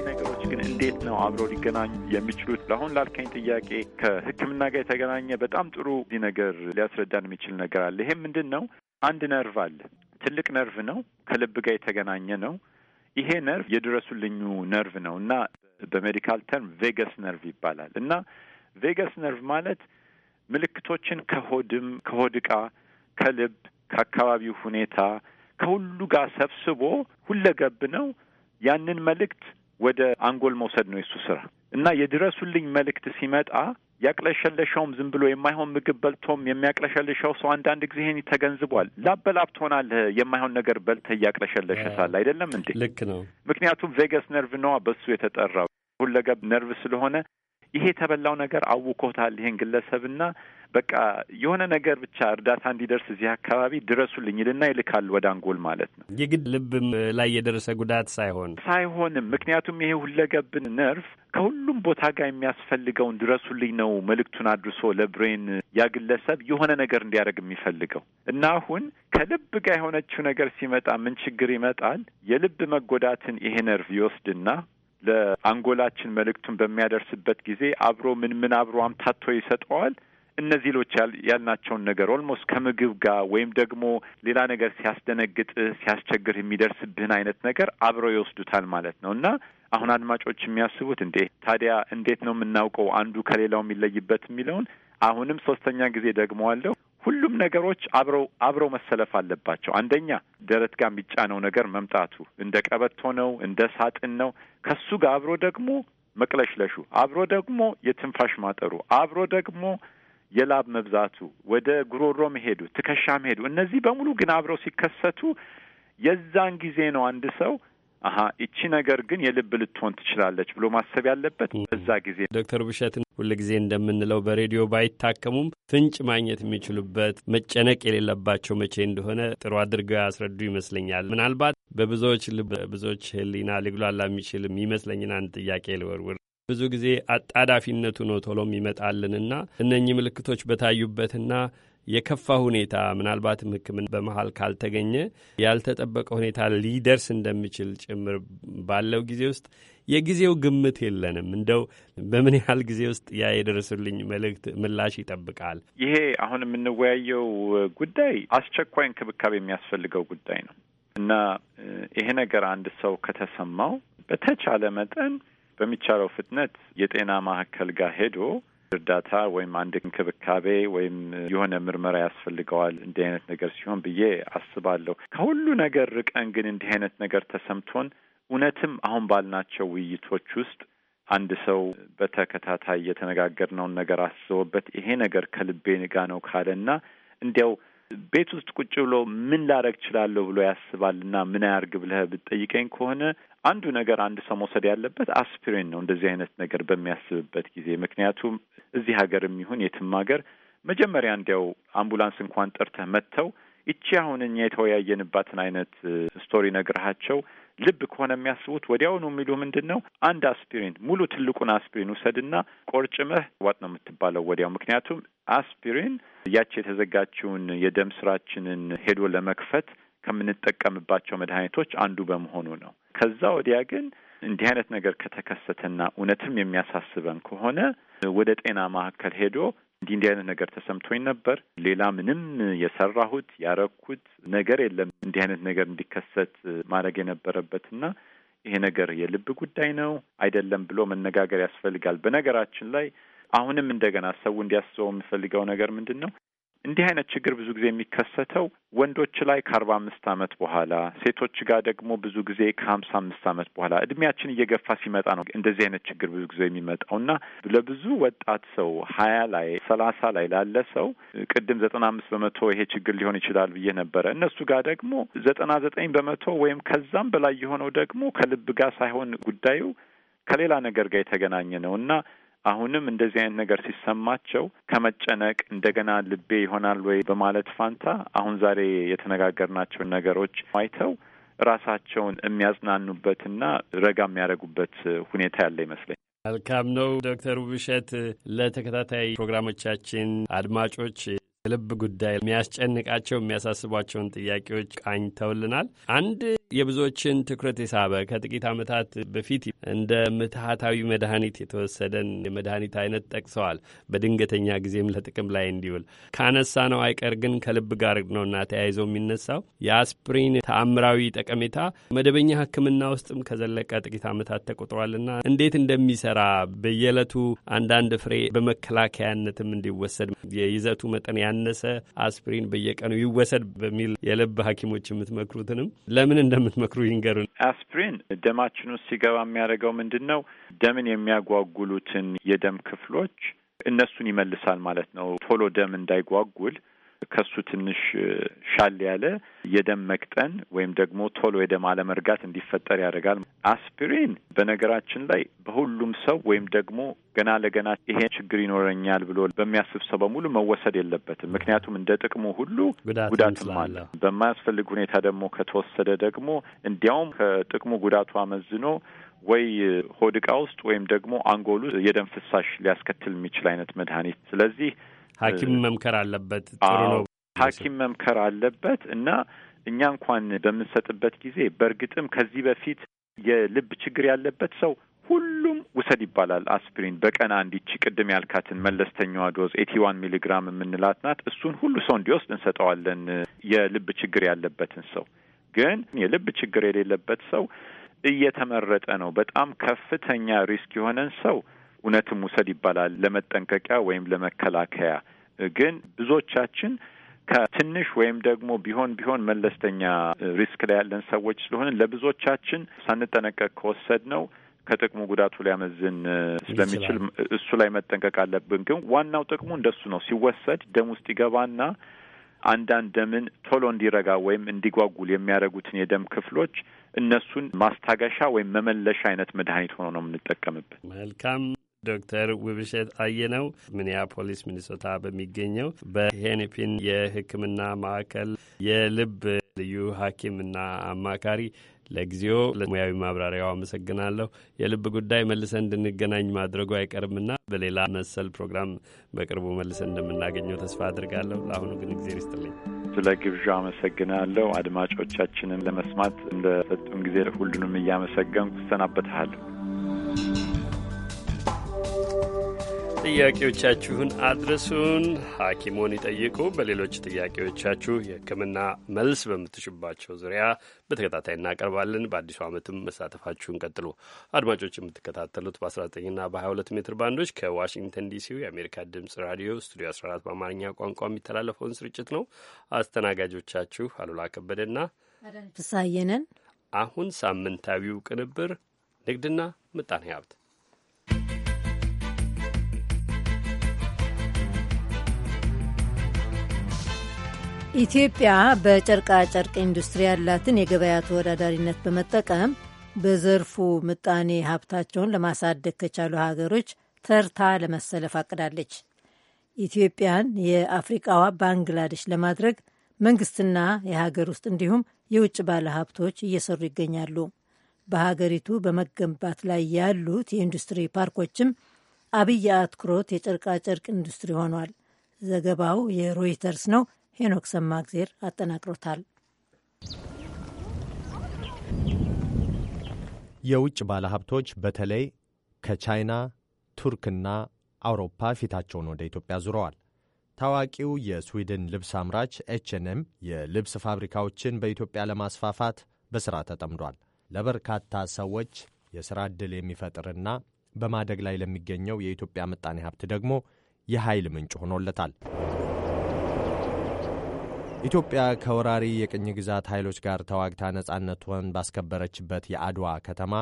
B: እነዚህ ነገሮች ግን እንዴት ነው አብረው ሊገናኙ የሚችሉት? ለአሁን
E: ላልከኝ ጥያቄ ከህክምና ጋር የተገናኘ በጣም ጥሩ ነገር ሊያስረዳን የሚችል ነገር አለ። ይሄም ምንድን ነው? አንድ ነርቭ አለ። ትልቅ ነርቭ ነው። ከልብ ጋር የተገናኘ ነው። ይሄ ነርቭ የድረሱልኙ ነርቭ ነው እና በሜዲካል ተርም ቬገስ ነርቭ ይባላል እና ቬገስ ነርቭ ማለት ምልክቶችን ከሆድም፣ ከሆድ ዕቃ፣ ከልብ፣ ከአካባቢው ሁኔታ ከሁሉ ጋር ሰብስቦ ሁለገብ ነው። ያንን መልእክት ወደ አንጎል መውሰድ ነው የሱ ስራ እና የድረሱልኝ መልእክት ሲመጣ ያቅለሸለሸውም ዝም ብሎ የማይሆን ምግብ በልቶም የሚያቅለሸለሸው ሰው አንዳንድ ጊዜ ይህን ተገንዝቧል። ላበላብ ትሆናለህ የማይሆን ነገር በልተህ እያቅለሸለሸ ሳለ አይደለም እንዴ? ልክ ነው። ምክንያቱም ቬገስ ነርቭ ነዋ በሱ የተጠራው ሁለገብ ነርቭ ስለሆነ ይሄ የተበላው ነገር አውኮታል ይሄን ግለሰብና በቃ የሆነ ነገር ብቻ እርዳታ እንዲደርስ እዚህ አካባቢ ድረሱልኝ ይልና ይልካል ወደ አንጎል ማለት
B: ነው። የግድ ልብም ላይ የደረሰ ጉዳት
E: ሳይሆን ሳይሆንም ምክንያቱም ይሄ ሁለገብን ነርፍ ከሁሉም ቦታ ጋር የሚያስፈልገውን ድረሱልኝ ነው መልእክቱን አድርሶ ለብሬን ያግለሰብ የሆነ ነገር እንዲያደርግ የሚፈልገው እና አሁን ከልብ ጋር የሆነችው ነገር ሲመጣ ምን ችግር ይመጣል? የልብ መጎዳትን ይሄ ነርቭ ይወስድና ለአንጎላችን መልእክቱን በሚያደርስበት ጊዜ አብሮ ምን ምን አብሮ አምታቶ ይሰጠዋል። እነዚህ ሎች ያልናቸውን ነገር ኦልሞስት ከምግብ ጋር ወይም ደግሞ ሌላ ነገር ሲያስደነግጥህ ሲያስቸግር የሚደርስብህን አይነት ነገር አብረው ይወስዱታል ማለት ነው እና አሁን አድማጮች የሚያስቡት እንዴ ታዲያ እንዴት ነው የምናውቀው አንዱ ከሌላው የሚለይበት የሚለውን አሁንም ሶስተኛ ጊዜ ደግመዋለሁ። ሁሉም ነገሮች አብረው አብረው መሰለፍ አለባቸው። አንደኛ ደረት ጋር የሚጫነው ነገር መምጣቱ እንደ ቀበቶ ነው፣ እንደ ሳጥን ነው። ከሱ ጋር አብሮ ደግሞ መቅለሽለሹ፣ አብሮ ደግሞ የትንፋሽ ማጠሩ፣ አብሮ ደግሞ የላብ መብዛቱ፣ ወደ ጉሮሮ መሄዱ፣ ትከሻ መሄዱ፣ እነዚህ በሙሉ ግን አብረው ሲከሰቱ የዛን ጊዜ ነው አንድ ሰው አሀ
B: እቺ ነገር ግን የልብ ልትሆን
E: ትችላለች ብሎ ማሰብ ያለበት በዛ ጊዜ።
B: ዶክተር ብሸትን ጊዜ እንደምንለው በሬዲዮ ባይታከሙም ፍንጭ ማግኘት የሚችሉበት መጨነቅ የሌለባቸው መቼ እንደሆነ ጥሩ አድርገው ያስረዱ ይመስለኛል። ምናልባት በብዙዎች ልብ ብዙዎች ሕሊና ሊጉላላ የሚችል የሚመስለኝን አንድ ጥያቄ ልወርውር። ብዙ ጊዜ አጣዳፊነቱ ነው ቶሎ የሚመጣልንና እነኚህ ምልክቶች በታዩበትና የከፋ ሁኔታ ምናልባትም ሕክምና በመሀል ካልተገኘ ያልተጠበቀ ሁኔታ ሊደርስ እንደሚችል ጭምር ባለው ጊዜ ውስጥ የጊዜው ግምት የለንም። እንደው በምን ያህል ጊዜ ውስጥ ያ የደረሱልኝ መልእክት ምላሽ ይጠብቃል?
E: ይሄ አሁን የምንወያየው ጉዳይ አስቸኳይ እንክብካቤ የሚያስፈልገው ጉዳይ ነው እና ይሄ ነገር አንድ ሰው ከተሰማው በተቻለ መጠን በሚቻለው ፍጥነት የጤና ማዕከል ጋር ሄዶ እርዳታ ወይም አንድ እንክብካቤ ወይም የሆነ ምርመራ ያስፈልገዋል እንዲህ አይነት ነገር ሲሆን ብዬ አስባለሁ። ከሁሉ ነገር ርቀን ግን እንዲህ አይነት ነገር ተሰምቶን እውነትም አሁን ባልናቸው ውይይቶች ውስጥ አንድ ሰው በተከታታይ የተነጋገርነውን ነገር አስቦበት ይሄ ነገር ከልቤ ጋ ነው ካለና እንዲያው ቤት ውስጥ ቁጭ ብሎ ምን ላረግ እችላለሁ ብሎ ያስባል እና ምን ያርግ ብለህ ብትጠይቀኝ ከሆነ አንዱ ነገር አንድ ሰው መውሰድ ያለበት አስፒሪን ነው፣ እንደዚህ አይነት ነገር በሚያስብበት ጊዜ። ምክንያቱም እዚህ ሀገር የሚሆን የትም ሀገር መጀመሪያ እንዲያው አምቡላንስ እንኳን ጠርተህ መጥተው ይቺ አሁን እኛ የተወያየንባትን አይነት ስቶሪ ነግረሃቸው ልብ ከሆነ የሚያስቡት ወዲያውኑ የሚሉ ምንድን ነው አንድ አስፒሪን ሙሉ ትልቁን አስፒሪን ውሰድና ቆርጭመህ ዋጥ ነው የምትባለው ወዲያው። ምክንያቱም አስፒሪን ያች የተዘጋችውን የደም ስራችንን ሄዶ ለመክፈት ከምንጠቀምባቸው መድኃኒቶች አንዱ በመሆኑ ነው። ከዛ ወዲያ ግን እንዲህ አይነት ነገር ከተከሰተና እውነትም የሚያሳስበን ከሆነ ወደ ጤና ማዕከል ሄዶ እንዲህ እንዲህ አይነት ነገር ተሰምቶኝ ነበር። ሌላ ምንም የሰራሁት ያረኩት ነገር የለም። እንዲህ አይነት ነገር እንዲከሰት ማድረግ የነበረበትና ይሄ ነገር የልብ ጉዳይ ነው አይደለም ብሎ መነጋገር ያስፈልጋል። በነገራችን ላይ አሁንም እንደገና ሰው እንዲያስበው የሚፈልገው ነገር ምንድን ነው እንዲህ አይነት ችግር ብዙ ጊዜ የሚከሰተው ወንዶች ላይ ከአርባ አምስት ዓመት በኋላ ሴቶች ጋር ደግሞ ብዙ ጊዜ ከሀምሳ አምስት ዓመት በኋላ እድሜያችን እየገፋ ሲመጣ ነው እንደዚህ አይነት ችግር ብዙ ጊዜ የሚመጣው እና ለብዙ ወጣት ሰው ሀያ ላይ ሰላሳ ላይ ላለ ሰው ቅድም ዘጠና አምስት በመቶ ይሄ ችግር ሊሆን ይችላል ብዬ ነበረ። እነሱ ጋር ደግሞ ዘጠና ዘጠኝ በመቶ ወይም ከዛም በላይ የሆነው ደግሞ ከልብ ጋር ሳይሆን ጉዳዩ ከሌላ ነገር ጋር የተገናኘ ነው እና አሁንም እንደዚህ አይነት ነገር ሲሰማቸው ከመጨነቅ እንደገና ልቤ ይሆናል ወይ በማለት ፋንታ አሁን ዛሬ የተነጋገርናቸውን ነገሮች አይተው ራሳቸውን የሚያጽናኑበትና ረጋ የሚያደርጉበት ሁኔታ ያለ ይመስለኝ።
B: መልካም ነው። ዶክተር ውብሸት ለተከታታይ ፕሮግራሞቻችን አድማጮች የልብ ጉዳይ የሚያስጨንቃቸው የሚያሳስቧቸውን ጥያቄዎች ቃኝተውልናል። አንድ የብዙዎችን ትኩረት የሳበ ከጥቂት ዓመታት በፊት እንደ ምትሃታዊ መድኃኒት የተወሰደን የመድኃኒት አይነት ጠቅሰዋል። በድንገተኛ ጊዜም ለጥቅም ላይ እንዲውል ካነሳ ነው አይቀር ግን ከልብ ጋር ነውና ተያይዘው የሚነሳው የአስፕሪን ተአምራዊ ጠቀሜታ መደበኛ ሕክምና ውስጥም ከዘለቀ ጥቂት ዓመታት ተቆጥሯልና እንዴት እንደሚሰራ በየዕለቱ አንዳንድ ፍሬ በመከላከያነትም እንዲወሰድ የይዘቱ መጠን ያነሰ አስፕሪን በየቀኑ ይወሰድ በሚል የልብ ሐኪሞች የምትመክሩትንም ለምን እንደ እንደምትመክሩ ይንገሩን። አስፕሪን
E: ደማችን ውስጥ ሲገባ የሚያደርገው ምንድን ነው? ደምን የሚያጓጉሉትን የደም ክፍሎች እነሱን ይመልሳል ማለት ነው። ቶሎ ደም እንዳይጓጉል ከሱ ትንሽ ሻል ያለ የደም መቅጠን ወይም ደግሞ ቶሎ የደም አለመርጋት እንዲፈጠር ያደርጋል። አስፒሪን በነገራችን ላይ በሁሉም ሰው ወይም ደግሞ ገና ለገና ይሄ ችግር ይኖረኛል ብሎ በሚያስብ ሰው በሙሉ መወሰድ የለበትም። ምክንያቱም እንደ ጥቅሙ ሁሉ ጉዳትም አለ። በማያስፈልግ ሁኔታ ደግሞ ከተወሰደ ደግሞ እንዲያውም ከጥቅሙ ጉዳቱ አመዝኖ ወይ ሆድ እቃ ውስጥ ወይም ደግሞ አንጎሉ የደም ፍሳሽ ሊያስከትል የሚችል አይነት መድኃኒት ስለዚህ
B: ሐኪም መምከር አለበት። ጥሩ ነው።
E: ሐኪም መምከር አለበት እና እኛ እንኳን በምንሰጥበት ጊዜ በእርግጥም ከዚህ በፊት የልብ ችግር ያለበት ሰው ሁሉም ውሰድ ይባላል። አስፕሪን በቀን አንዲቺ ቅድም ያልካትን መለስተኛዋ ዶዝ ኤቲ ዋን ሚሊግራም የምንላት ናት። እሱን ሁሉ ሰው እንዲወስድ እንሰጠዋለን፣ የልብ ችግር ያለበትን ሰው። ግን የልብ ችግር የሌለበት ሰው እየተመረጠ ነው። በጣም ከፍተኛ ሪስክ የሆነን ሰው እውነትም ውሰድ ይባላል ለመጠንቀቂያ ወይም ለመከላከያ። ግን ብዙዎቻችን ከትንሽ ወይም ደግሞ ቢሆን ቢሆን መለስተኛ ሪስክ ላይ ያለን ሰዎች ስለሆን ለብዙዎቻችን ሳንጠነቀቅ ከወሰድ ነው ከጥቅሙ ጉዳቱ ሊያመዝን ስለሚችል እሱ ላይ መጠንቀቅ አለብን። ግን ዋናው ጥቅሙ እንደሱ ነው። ሲወሰድ ደም ውስጥ ይገባና አንዳንድ ደምን ቶሎ እንዲረጋ ወይም እንዲጓጉል የሚያደርጉትን የደም ክፍሎች እነሱን ማስታገሻ ወይም መመለሻ አይነት መድኃኒት ሆኖ ነው የምንጠቀምበት።
B: መልካም ዶክተር ውብሸት አየነው ሚኒያፖሊስ ሚኒሶታ በሚገኘው በሄኒፒን የሕክምና ማዕከል የልብ ልዩ ሐኪምና አማካሪ ለጊዜው ለሙያዊ ማብራሪያው አመሰግናለሁ። የልብ ጉዳይ መልሰን እንድንገናኝ ማድረጉ አይቀርምና በሌላ መሰል ፕሮግራም በቅርቡ መልሰን እንደምናገኘው ተስፋ አድርጋለሁ። ለአሁኑ ግን እግዜር ይስጥልኝ። ስለ
E: ግብዣ አመሰግናለሁ። አድማጮቻችንን ለመስማት እንደሰጡን ጊዜ ሁሉንም እያመሰገንኩ እሰናበትሃለሁ።
B: ጥያቄዎቻችሁን አድረሱን። ሐኪሞን ይጠይቁ። በሌሎች ጥያቄዎቻችሁ የሕክምና መልስ በምትሹባቸው ዙሪያ በተከታታይ እናቀርባለን። በአዲሱ ዓመትም መሳተፋችሁን ቀጥሉ። አድማጮች የምትከታተሉት በ19ና በ22 ሜትር ባንዶች ከዋሽንግተን ዲሲው የአሜሪካ ድምፅ ራዲዮ ስቱዲዮ 14 በአማርኛ ቋንቋ የሚተላለፈውን ስርጭት ነው። አስተናጋጆቻችሁ አሉላ ከበደና
A: ፍሳየነን።
B: አሁን ሳምንታዊው ቅንብር ንግድና ምጣኔ ሀብት
A: ኢትዮጵያ በጨርቃ ጨርቅ ኢንዱስትሪ ያላትን የገበያ ተወዳዳሪነት በመጠቀም በዘርፉ ምጣኔ ሀብታቸውን ለማሳደግ ከቻሉ ሀገሮች ተርታ ለመሰለፍ አቅዳለች። ኢትዮጵያን የአፍሪቃዋ ባንግላዴሽ ለማድረግ መንግስትና የሀገር ውስጥ እንዲሁም የውጭ ባለሀብቶች እየሰሩ ይገኛሉ። በሀገሪቱ በመገንባት ላይ ያሉት የኢንዱስትሪ ፓርኮችም አብይ አትኩሮት የጨርቃጨርቅ ኢንዱስትሪ ሆኗል። ዘገባው የሮይተርስ ነው። ሄኖክ ሰማእግዜር አጠናቅሮታል።
L: የውጭ ባለሀብቶች በተለይ ከቻይና ቱርክና አውሮፓ ፊታቸውን ወደ ኢትዮጵያ ዙረዋል። ታዋቂው የስዊድን ልብስ አምራች ኤችኤንኤም የልብስ ፋብሪካዎችን በኢትዮጵያ ለማስፋፋት በሥራ ተጠምዷል። ለበርካታ ሰዎች የሥራ ዕድል የሚፈጥርና በማደግ ላይ ለሚገኘው የኢትዮጵያ ምጣኔ ሀብት ደግሞ የኃይል ምንጭ ሆኖለታል። ኢትዮጵያ ከወራሪ የቅኝ ግዛት ኃይሎች ጋር ተዋግታ ነጻነቷን ባስከበረችበት የአድዋ ከተማ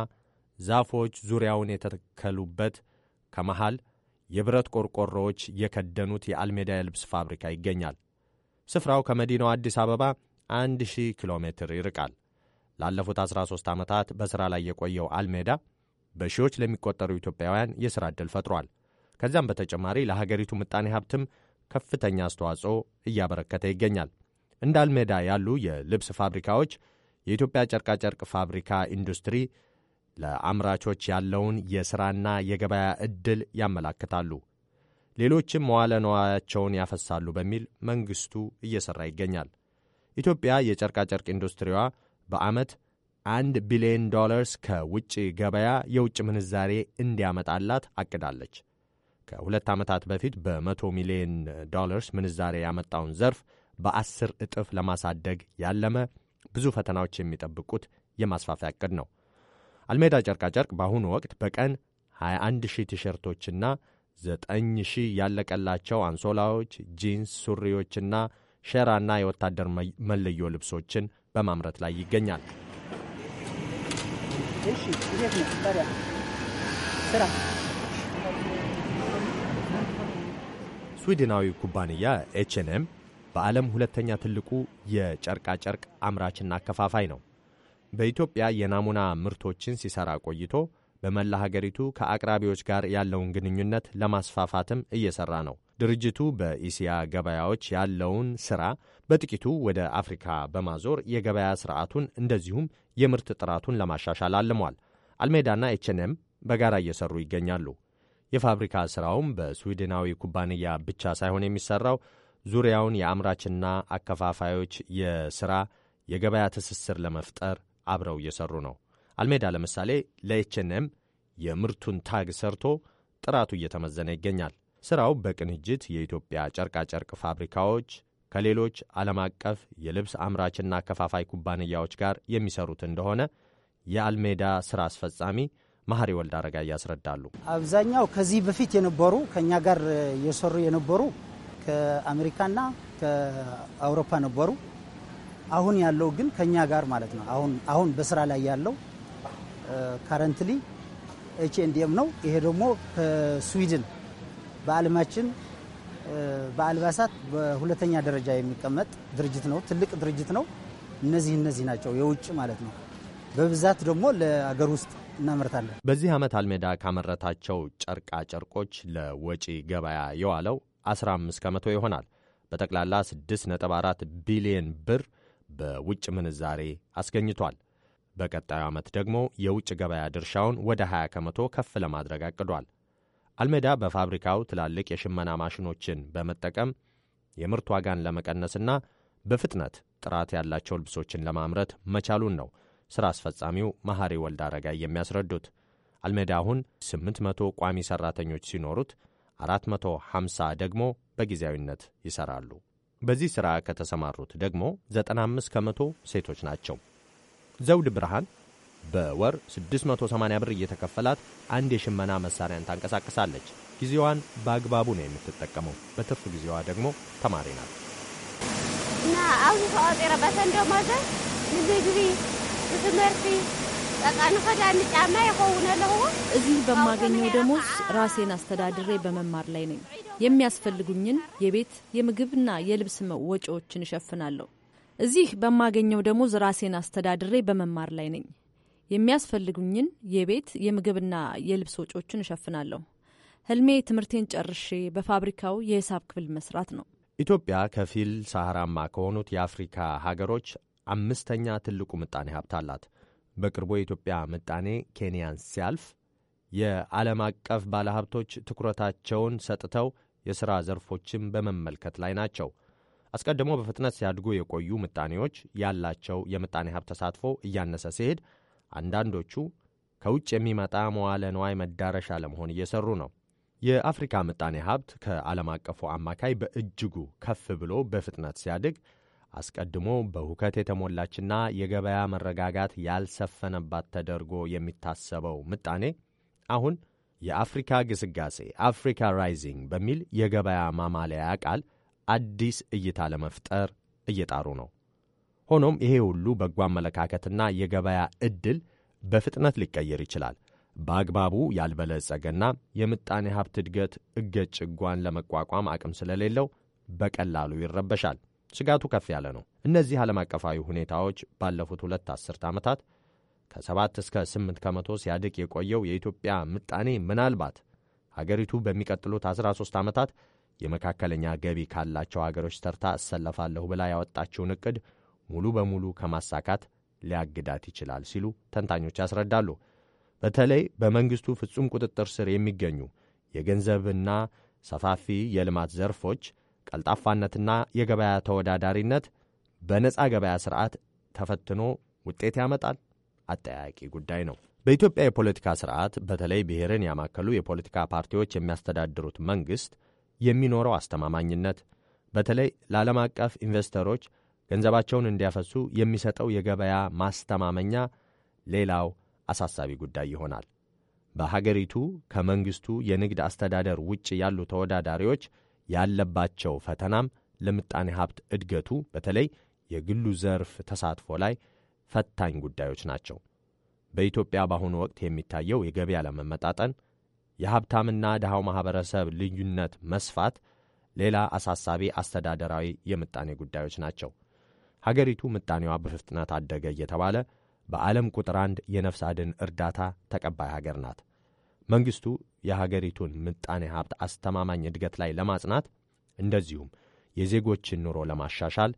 L: ዛፎች ዙሪያውን የተተከሉበት ከመሃል የብረት ቆርቆሮዎች የከደኑት የአልሜዳ የልብስ ፋብሪካ ይገኛል። ስፍራው ከመዲናው አዲስ አበባ 1000 ኪሎ ሜትር ይርቃል። ላለፉት 13 ዓመታት በሥራ ላይ የቆየው አልሜዳ በሺዎች ለሚቆጠሩ ኢትዮጵያውያን የሥራ ዕድል ፈጥሯል። ከዚያም በተጨማሪ ለሀገሪቱ ምጣኔ ሀብትም ከፍተኛ አስተዋጽኦ እያበረከተ ይገኛል። እንዳልሜዳ ያሉ የልብስ ፋብሪካዎች የኢትዮጵያ ጨርቃጨርቅ ፋብሪካ ኢንዱስትሪ ለአምራቾች ያለውን የሥራና የገበያ ዕድል ያመላክታሉ። ሌሎችም መዋለ ነዋያቸውን ያፈሳሉ በሚል መንግሥቱ እየሠራ ይገኛል። ኢትዮጵያ የጨርቃጨርቅ ኢንዱስትሪዋ በዓመት አንድ ቢሊዮን ዶላርስ ከውጭ ገበያ የውጭ ምንዛሬ እንዲያመጣላት አቅዳለች። ከሁለት ዓመታት በፊት በመቶ ሚሊዮን ዶላርስ ምንዛሬ ያመጣውን ዘርፍ በአስር እጥፍ ለማሳደግ ያለመ ብዙ ፈተናዎች የሚጠብቁት የማስፋፊያ ዕቅድ ነው። አልሜዳ ጨርቃጨርቅ በአሁኑ ወቅት በቀን 21 ሺህ ቲሸርቶችና 9 ሺህ ያለቀላቸው አንሶላዎች፣ ጂንስ ሱሪዎችና ሸራና የወታደር መለዮ ልብሶችን በማምረት ላይ ይገኛል። ስዊድናዊ ኩባንያ ኤችንኤም በዓለም ሁለተኛ ትልቁ የጨርቃጨርቅ አምራችና አከፋፋይ ነው። በኢትዮጵያ የናሙና ምርቶችን ሲሰራ ቆይቶ በመላ ሀገሪቱ ከአቅራቢዎች ጋር ያለውን ግንኙነት ለማስፋፋትም እየሰራ ነው። ድርጅቱ በኢሲያ ገበያዎች ያለውን ሥራ በጥቂቱ ወደ አፍሪካ በማዞር የገበያ ስርዓቱን እንደዚሁም የምርት ጥራቱን ለማሻሻል አልሟል። አልሜዳና ኤችኤንኤም በጋራ እየሰሩ ይገኛሉ። የፋብሪካ ሥራውም በስዊድናዊ ኩባንያ ብቻ ሳይሆን የሚሰራው ዙሪያውን የአምራችና አከፋፋዮች የሥራ የገበያ ትስስር ለመፍጠር አብረው እየሠሩ ነው። አልሜዳ ለምሳሌ ለኤችንም የምርቱን ታግ ሰርቶ ጥራቱ እየተመዘነ ይገኛል። ሥራው በቅንጅት የኢትዮጵያ ጨርቃጨርቅ ፋብሪካዎች ከሌሎች ዓለም አቀፍ የልብስ አምራችና አከፋፋይ ኩባንያዎች ጋር የሚሰሩት እንደሆነ የአልሜዳ ሥራ አስፈጻሚ መሐሪ ወልድ አረጋ ያስረዳሉ።
J: አብዛኛው ከዚህ በፊት የነበሩ ከእኛ ጋር የሰሩ የነበሩ ከአሜሪካና ከአውሮፓ ነበሩ። አሁን ያለው ግን ከኛ ጋር ማለት ነው። አሁን አሁን በስራ ላይ ያለው ካረንትሊ ኤች ኤንድ ኤም ነው። ይሄ ደግሞ ከስዊድን በዓለማችን በአልባሳት በሁለተኛ ደረጃ የሚቀመጥ ድርጅት ነው። ትልቅ ድርጅት ነው። እነዚህ እነዚህ ናቸው የውጭ ማለት ነው። በብዛት ደግሞ ለአገር
L: ውስጥ እናመርታለን። በዚህ ዓመት አልሜዳ ካመረታቸው ጨርቃ ጨርቆች ለወጪ ገበያ የዋለው 15 ከመቶ ይሆናል። በጠቅላላ 6.4 ቢሊየን ብር በውጭ ምንዛሬ አስገኝቷል። በቀጣዩ ዓመት ደግሞ የውጭ ገበያ ድርሻውን ወደ 20 ከመቶ ከፍ ለማድረግ አቅዷል። አልሜዳ በፋብሪካው ትላልቅ የሽመና ማሽኖችን በመጠቀም የምርት ዋጋን ለመቀነስና በፍጥነት ጥራት ያላቸው ልብሶችን ለማምረት መቻሉን ነው ሥራ አስፈጻሚው መሐሪ ወልድ አረጋይ የሚያስረዱት። አልሜዳ አሁን 800 ቋሚ ሠራተኞች ሲኖሩት 450 ደግሞ በጊዜያዊነት ይሰራሉ። በዚህ ሥራ ከተሰማሩት ደግሞ 95 ከመቶ ሴቶች ናቸው። ዘውድ ብርሃን በወር 680 ብር እየተከፈላት አንድ የሽመና መሣሪያን ታንቀሳቅሳለች። ጊዜዋን በአግባቡ ነው የምትጠቀመው። በትርፍ ጊዜዋ ደግሞ ተማሪ ናት።
I: እና አብዚ ሰዋጤረ በሰንዶ ማዘ ንግግሪ ትምህርቲ እዚህ በማገኘው ደሞዝ ራሴን አስተዳድሬ በመማር ላይ ነኝ። የሚያስፈልጉኝን የቤት የምግብና የልብስ ወጪዎችን እሸፍናለሁ። እዚህ በማገኘው ደሞዝ ራሴን አስተዳድሬ በመማር ላይ ነኝ። የሚያስፈልጉኝን የቤት የምግብና የልብስ ወጪዎችን እሸፍናለሁ። ህልሜ ትምህርቴን ጨርሼ በፋብሪካው የሂሳብ ክፍል መስራት ነው።
L: ኢትዮጵያ ከፊል ሳህራማ ከሆኑት የአፍሪካ ሀገሮች አምስተኛ ትልቁ ምጣኔ ሀብት አላት። በቅርቡ የኢትዮጵያ ምጣኔ ኬንያን ሲያልፍ የዓለም አቀፍ ባለሀብቶች ትኩረታቸውን ሰጥተው የሥራ ዘርፎችን በመመልከት ላይ ናቸው። አስቀድሞ በፍጥነት ሲያድጉ የቆዩ ምጣኔዎች ያላቸው የምጣኔ ሀብት ተሳትፎ እያነሰ ሲሄድ፣ አንዳንዶቹ ከውጭ የሚመጣ መዋለ ንዋይ መዳረሻ ለመሆን እየሰሩ ነው። የአፍሪካ ምጣኔ ሀብት ከዓለም አቀፉ አማካይ በእጅጉ ከፍ ብሎ በፍጥነት ሲያድግ አስቀድሞ በሁከት የተሞላችና የገበያ መረጋጋት ያልሰፈነባት ተደርጎ የሚታሰበው ምጣኔ አሁን የአፍሪካ ግስጋሴ አፍሪካ ራይዚንግ በሚል የገበያ ማማለያ ቃል አዲስ እይታ ለመፍጠር እየጣሩ ነው። ሆኖም ይሄ ሁሉ በጎ አመለካከትና የገበያ ዕድል በፍጥነት ሊቀየር ይችላል። በአግባቡ ያልበለጸገና የምጣኔ ሀብት እድገት እገጭጓን ለመቋቋም አቅም ስለሌለው በቀላሉ ይረበሻል። ስጋቱ ከፍ ያለ ነው። እነዚህ ዓለም አቀፋዊ ሁኔታዎች ባለፉት ሁለት አስርት ዓመታት ከሰባት እስከ ስምንት ከመቶ ሲያድግ የቆየው የኢትዮጵያ ምጣኔ ምናልባት ሀገሪቱ በሚቀጥሉት 13 ዓመታት የመካከለኛ ገቢ ካላቸው አገሮች ተርታ እሰለፋለሁ ብላ ያወጣችውን እቅድ ሙሉ በሙሉ ከማሳካት ሊያግዳት ይችላል ሲሉ ተንታኞች ያስረዳሉ። በተለይ በመንግሥቱ ፍጹም ቁጥጥር ስር የሚገኙ የገንዘብና ሰፋፊ የልማት ዘርፎች ቀልጣፋነትና የገበያ ተወዳዳሪነት በነፃ ገበያ ስርዓት ተፈትኖ ውጤት ያመጣል? አጠያቂ ጉዳይ ነው። በኢትዮጵያ የፖለቲካ ስርዓት በተለይ ብሔርን ያማከሉ የፖለቲካ ፓርቲዎች የሚያስተዳድሩት መንግሥት የሚኖረው አስተማማኝነት በተለይ ለዓለም አቀፍ ኢንቨስተሮች ገንዘባቸውን እንዲያፈሱ የሚሰጠው የገበያ ማስተማመኛ ሌላው አሳሳቢ ጉዳይ ይሆናል። በሀገሪቱ ከመንግሥቱ የንግድ አስተዳደር ውጭ ያሉ ተወዳዳሪዎች ያለባቸው ፈተናም ለምጣኔ ሀብት እድገቱ በተለይ የግሉ ዘርፍ ተሳትፎ ላይ ፈታኝ ጉዳዮች ናቸው። በኢትዮጵያ በአሁኑ ወቅት የሚታየው የገቢ አለመመጣጠን፣ የሀብታምና ድሃው ማኅበረሰብ ልዩነት መስፋት ሌላ አሳሳቢ አስተዳደራዊ የምጣኔ ጉዳዮች ናቸው። ሀገሪቱ ምጣኔዋ በፍጥነት አደገ እየተባለ በዓለም ቁጥር አንድ የነፍስ አድን እርዳታ ተቀባይ ሀገር ናት። መንግስቱ የሀገሪቱን ምጣኔ ሀብት አስተማማኝ እድገት ላይ ለማጽናት እንደዚሁም የዜጎችን ኑሮ ለማሻሻል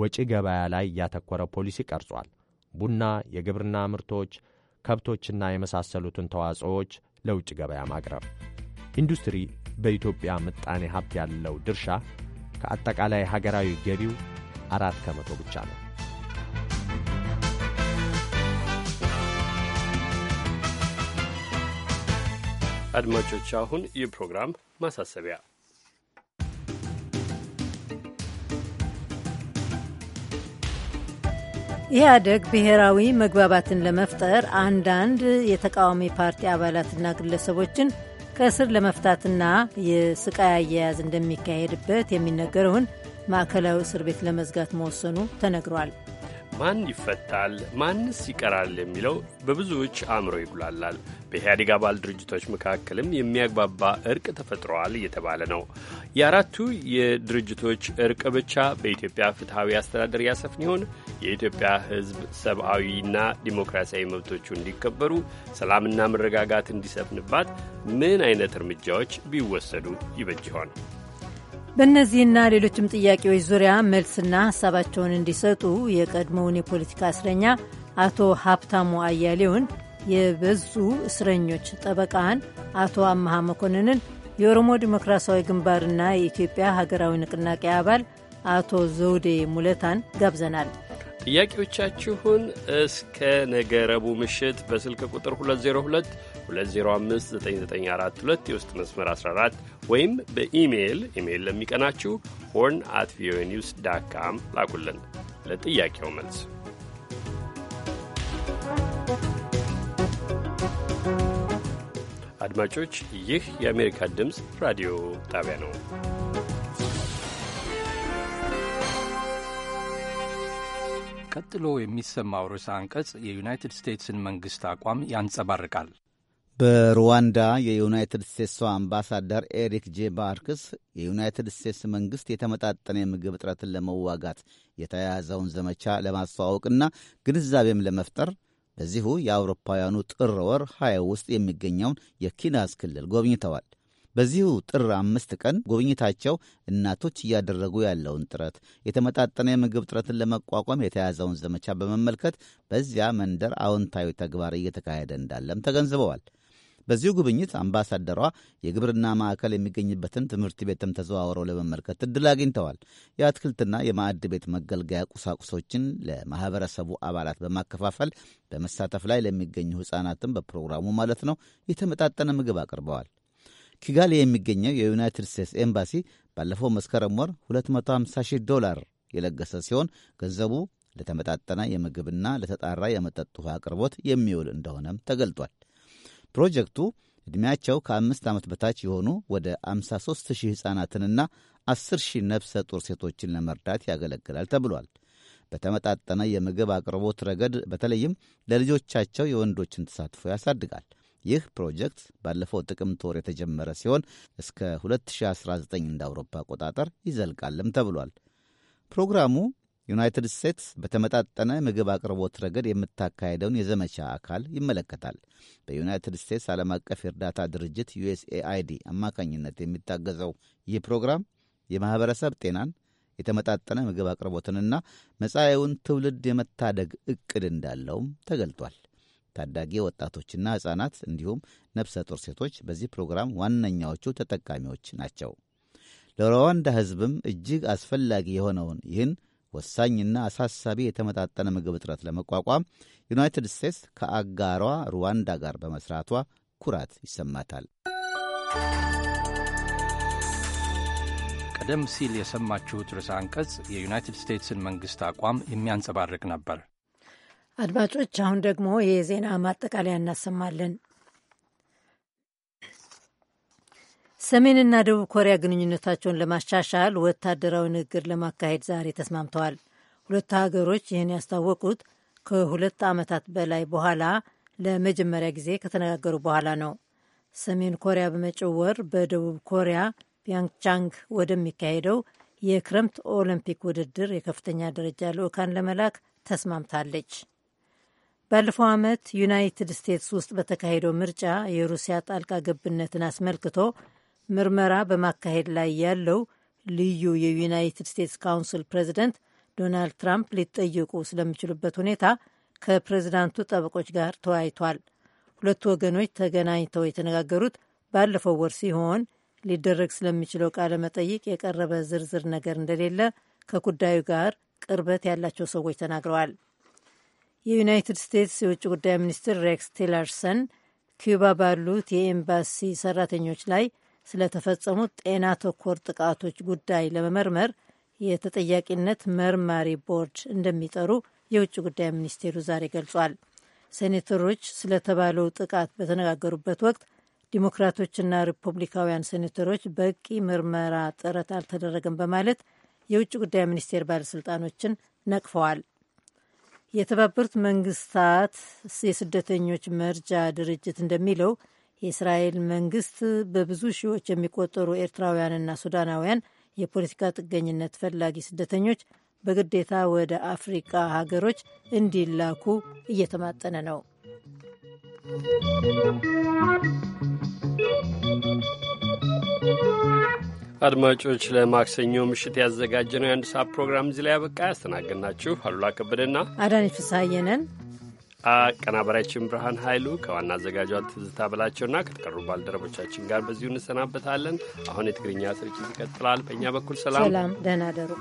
L: ወጪ ገበያ ላይ ያተኮረ ፖሊሲ ቀርጿል። ቡና፣ የግብርና ምርቶች፣ ከብቶችና የመሳሰሉትን ተዋጽኦዎች ለውጭ ገበያ ማቅረብ። ኢንዱስትሪ በኢትዮጵያ ምጣኔ ሀብት ያለው ድርሻ ከአጠቃላይ ሀገራዊ ገቢው አራት ከመቶ ብቻ ነው።
B: አድማጮች አሁን የፕሮግራም ማሳሰቢያ
A: ኢህአደግ ብሔራዊ መግባባትን ለመፍጠር አንዳንድ የተቃዋሚ ፓርቲ አባላትና ግለሰቦችን ከእስር ለመፍታትና የስቃይ አያያዝ እንደሚካሄድበት የሚነገረውን ማዕከላዊ እስር ቤት ለመዝጋት መወሰኑ ተነግሯል።
B: ማን ይፈታል ማንስ ይቀራል የሚለው በብዙዎች አእምሮ ይጉላላል። በኢህአዴግ አባል ድርጅቶች መካከልም የሚያግባባ እርቅ ተፈጥሯል እየተባለ ነው። የአራቱ የድርጅቶች እርቅ ብቻ በኢትዮጵያ ፍትሐዊ አስተዳደር ያሰፍን ይሆን? የኢትዮጵያ ሕዝብ ሰብአዊና ዲሞክራሲያዊ መብቶቹ እንዲከበሩ፣ ሰላምና መረጋጋት እንዲሰፍንባት ምን አይነት እርምጃዎች ቢወሰዱ ይበጅ ይሆን?
A: በእነዚህና ሌሎችም ጥያቄዎች ዙሪያ መልስና ሀሳባቸውን እንዲሰጡ የቀድሞውን የፖለቲካ እስረኛ አቶ ሀብታሙ አያሌውን፣ የበዙ እስረኞች ጠበቃን አቶ አመሃ መኮንንን፣ የኦሮሞ ዲሞክራሲያዊ ግንባርና የኢትዮጵያ ሀገራዊ ንቅናቄ አባል አቶ ዘውዴ ሙለታን ጋብዘናል።
B: ጥያቄዎቻችሁን እስከ ነገ ረቡዕ ምሽት በስልክ ቁጥር 202 2059942 የውስጥ መስመር 14 ወይም በኢሜይል ኢሜይል ለሚቀናችሁ ሆርን አት ቪኦኤ ኒውስ ዳት ካም ላኩልን። ለጥያቄው መልስ አድማጮች፣ ይህ የአሜሪካ ድምፅ ራዲዮ ጣቢያ
A: ነው። ቀጥሎ የሚሰማው ርዕሰ አንቀጽ የዩናይትድ ስቴትስን መንግሥት አቋም ያንጸባርቃል።
J: በሩዋንዳ የዩናይትድ ስቴትስ አምባሳደር ኤሪክ ጄ ባርክስ የዩናይትድ ስቴትስ መንግሥት የተመጣጠነ የምግብ እጥረትን ለመዋጋት የተያያዘውን ዘመቻ ለማስተዋወቅና ግንዛቤም ለመፍጠር በዚሁ የአውሮፓውያኑ ጥር ወር ሀያ ውስጥ የሚገኘውን የኪናዝ ክልል ጎብኝተዋል። በዚሁ ጥር አምስት ቀን ጉብኝታቸው እናቶች እያደረጉ ያለውን ጥረት፣ የተመጣጠነ የምግብ እጥረትን ለመቋቋም የተያዘውን ዘመቻ በመመልከት በዚያ መንደር አዎንታዊ ተግባር እየተካሄደ እንዳለም ተገንዝበዋል። በዚሁ ጉብኝት አምባሳደሯ የግብርና ማዕከል የሚገኝበትን ትምህርት ቤትም ተዘዋውረው ለመመልከት እድል አግኝተዋል። የአትክልትና የማዕድ ቤት መገልገያ ቁሳቁሶችን ለማህበረሰቡ አባላት በማከፋፈል በመሳተፍ ላይ ለሚገኙ ሕፃናትም በፕሮግራሙ ማለት ነው የተመጣጠነ ምግብ አቅርበዋል። ኪጋሊ የሚገኘው የዩናይትድ ስቴትስ ኤምባሲ ባለፈው መስከረም ወር 250 ሺህ ዶላር የለገሰ ሲሆን ገንዘቡ ለተመጣጠነ የምግብና ለተጣራ የመጠጥ ውሃ አቅርቦት የሚውል እንደሆነም ተገልጧል። ፕሮጀክቱ ዕድሜያቸው ከአምስት ዓመት በታች የሆኑ ወደ 53 ሺህ ሕፃናትንና 10 ሺህ ነፍሰ ጡር ሴቶችን ለመርዳት ያገለግላል ተብሏል። በተመጣጠነ የምግብ አቅርቦት ረገድ በተለይም ለልጆቻቸው የወንዶችን ተሳትፎ ያሳድጋል። ይህ ፕሮጀክት ባለፈው ጥቅምት ወር የተጀመረ ሲሆን እስከ 2019 እንደ አውሮፓ አቆጣጠር ይዘልቃልም ተብሏል። ፕሮግራሙ ዩናይትድ ስቴትስ በተመጣጠነ ምግብ አቅርቦት ረገድ የምታካሄደውን የዘመቻ አካል ይመለከታል። በዩናይትድ ስቴትስ ዓለም አቀፍ የእርዳታ ድርጅት ዩኤስኤአይዲ አማካኝነት የሚታገዘው ይህ ፕሮግራም የማኅበረሰብ ጤናን የተመጣጠነ ምግብ አቅርቦትንና መጻኤውን ትውልድ የመታደግ ዕቅድ እንዳለውም ተገልጧል። ታዳጊ ወጣቶችና ሕፃናት እንዲሁም ነፍሰ ጡር ሴቶች በዚህ ፕሮግራም ዋነኛዎቹ ተጠቃሚዎች ናቸው። ለሩዋንዳ ሕዝብም እጅግ አስፈላጊ የሆነውን ይህን ወሳኝና አሳሳቢ የተመጣጠነ ምግብ እጥረት ለመቋቋም ዩናይትድ ስቴትስ ከአጋሯ ሩዋንዳ ጋር በመስራቷ ኩራት ይሰማታል።
L: ቀደም ሲል የሰማችሁት ርዕሰ አንቀጽ የዩናይትድ ስቴትስን መንግሥት አቋም
B: የሚያንጸባርቅ ነበር።
A: አድማጮች፣ አሁን ደግሞ የዜና ማጠቃለያ እናሰማለን። ሰሜንና ደቡብ ኮሪያ ግንኙነታቸውን ለማሻሻል ወታደራዊ ንግግር ለማካሄድ ዛሬ ተስማምተዋል። ሁለቱ ሀገሮች ይህን ያስታወቁት ከሁለት ዓመታት በላይ በኋላ ለመጀመሪያ ጊዜ ከተነጋገሩ በኋላ ነው። ሰሜን ኮሪያ በመጪው ወር በደቡብ ኮሪያ ፒያንግቻንግ ወደሚካሄደው የክረምት ኦሎምፒክ ውድድር የከፍተኛ ደረጃ ልዑካን ለመላክ ተስማምታለች። ባለፈው ዓመት ዩናይትድ ስቴትስ ውስጥ በተካሄደው ምርጫ የሩሲያ ጣልቃ ገብነትን አስመልክቶ ምርመራ በማካሄድ ላይ ያለው ልዩ የዩናይትድ ስቴትስ ካውንስል ፕሬዚደንት ዶናልድ ትራምፕ ሊጠየቁ ስለሚችሉበት ሁኔታ ከፕሬዚዳንቱ ጠበቆች ጋር ተወያይቷል። ሁለቱ ወገኖች ተገናኝተው የተነጋገሩት ባለፈው ወር ሲሆን ሊደረግ ስለሚችለው ቃለ መጠይቅ የቀረበ ዝርዝር ነገር እንደሌለ ከጉዳዩ ጋር ቅርበት ያላቸው ሰዎች ተናግረዋል። የዩናይትድ ስቴትስ የውጭ ጉዳይ ሚኒስትር ሬክስ ቲለርሰን ኪዩባ ባሉት የኤምባሲ ሰራተኞች ላይ ስለተፈጸሙት ጤና ተኮር ጥቃቶች ጉዳይ ለመመርመር የተጠያቂነት መርማሪ ቦርድ እንደሚጠሩ የውጭ ጉዳይ ሚኒስቴሩ ዛሬ ገልጿል። ሴኔተሮች ስለተባለው ጥቃት በተነጋገሩበት ወቅት ዲሞክራቶችና ሪፐብሊካውያን ሴኔተሮች በቂ ምርመራ ጥረት አልተደረገም በማለት የውጭ ጉዳይ ሚኒስቴር ባለስልጣኖችን ነቅፈዋል። የተባበሩት መንግስታት የስደተኞች መርጃ ድርጅት እንደሚለው የእስራኤል መንግስት በብዙ ሺዎች የሚቆጠሩ ኤርትራውያንና ሱዳናውያን የፖለቲካ ጥገኝነት ፈላጊ ስደተኞች በግዴታ ወደ አፍሪቃ ሀገሮች እንዲላኩ እየተማጠነ ነው።
B: አድማጮች ለማክሰኞ ምሽት ያዘጋጀነው የአንድ ሰዓት ፕሮግራም እዚህ ላይ ያበቃ። ያስተናገድናችሁ አሉላ ከበደና
A: አዳነች ፍስሐዬ ነን።
B: አቀናባሪያችን ብርሃን ኃይሉ ከዋና አዘጋጇ ትዝታ በላቸውና ከተቀሩ ባልደረቦቻችን ጋር በዚሁ እንሰናበታለን። አሁን የትግርኛ ስርጭት ይቀጥላል። በእኛ በኩል ሰላም፣ ሰላም፣
A: ደህና ደሩ።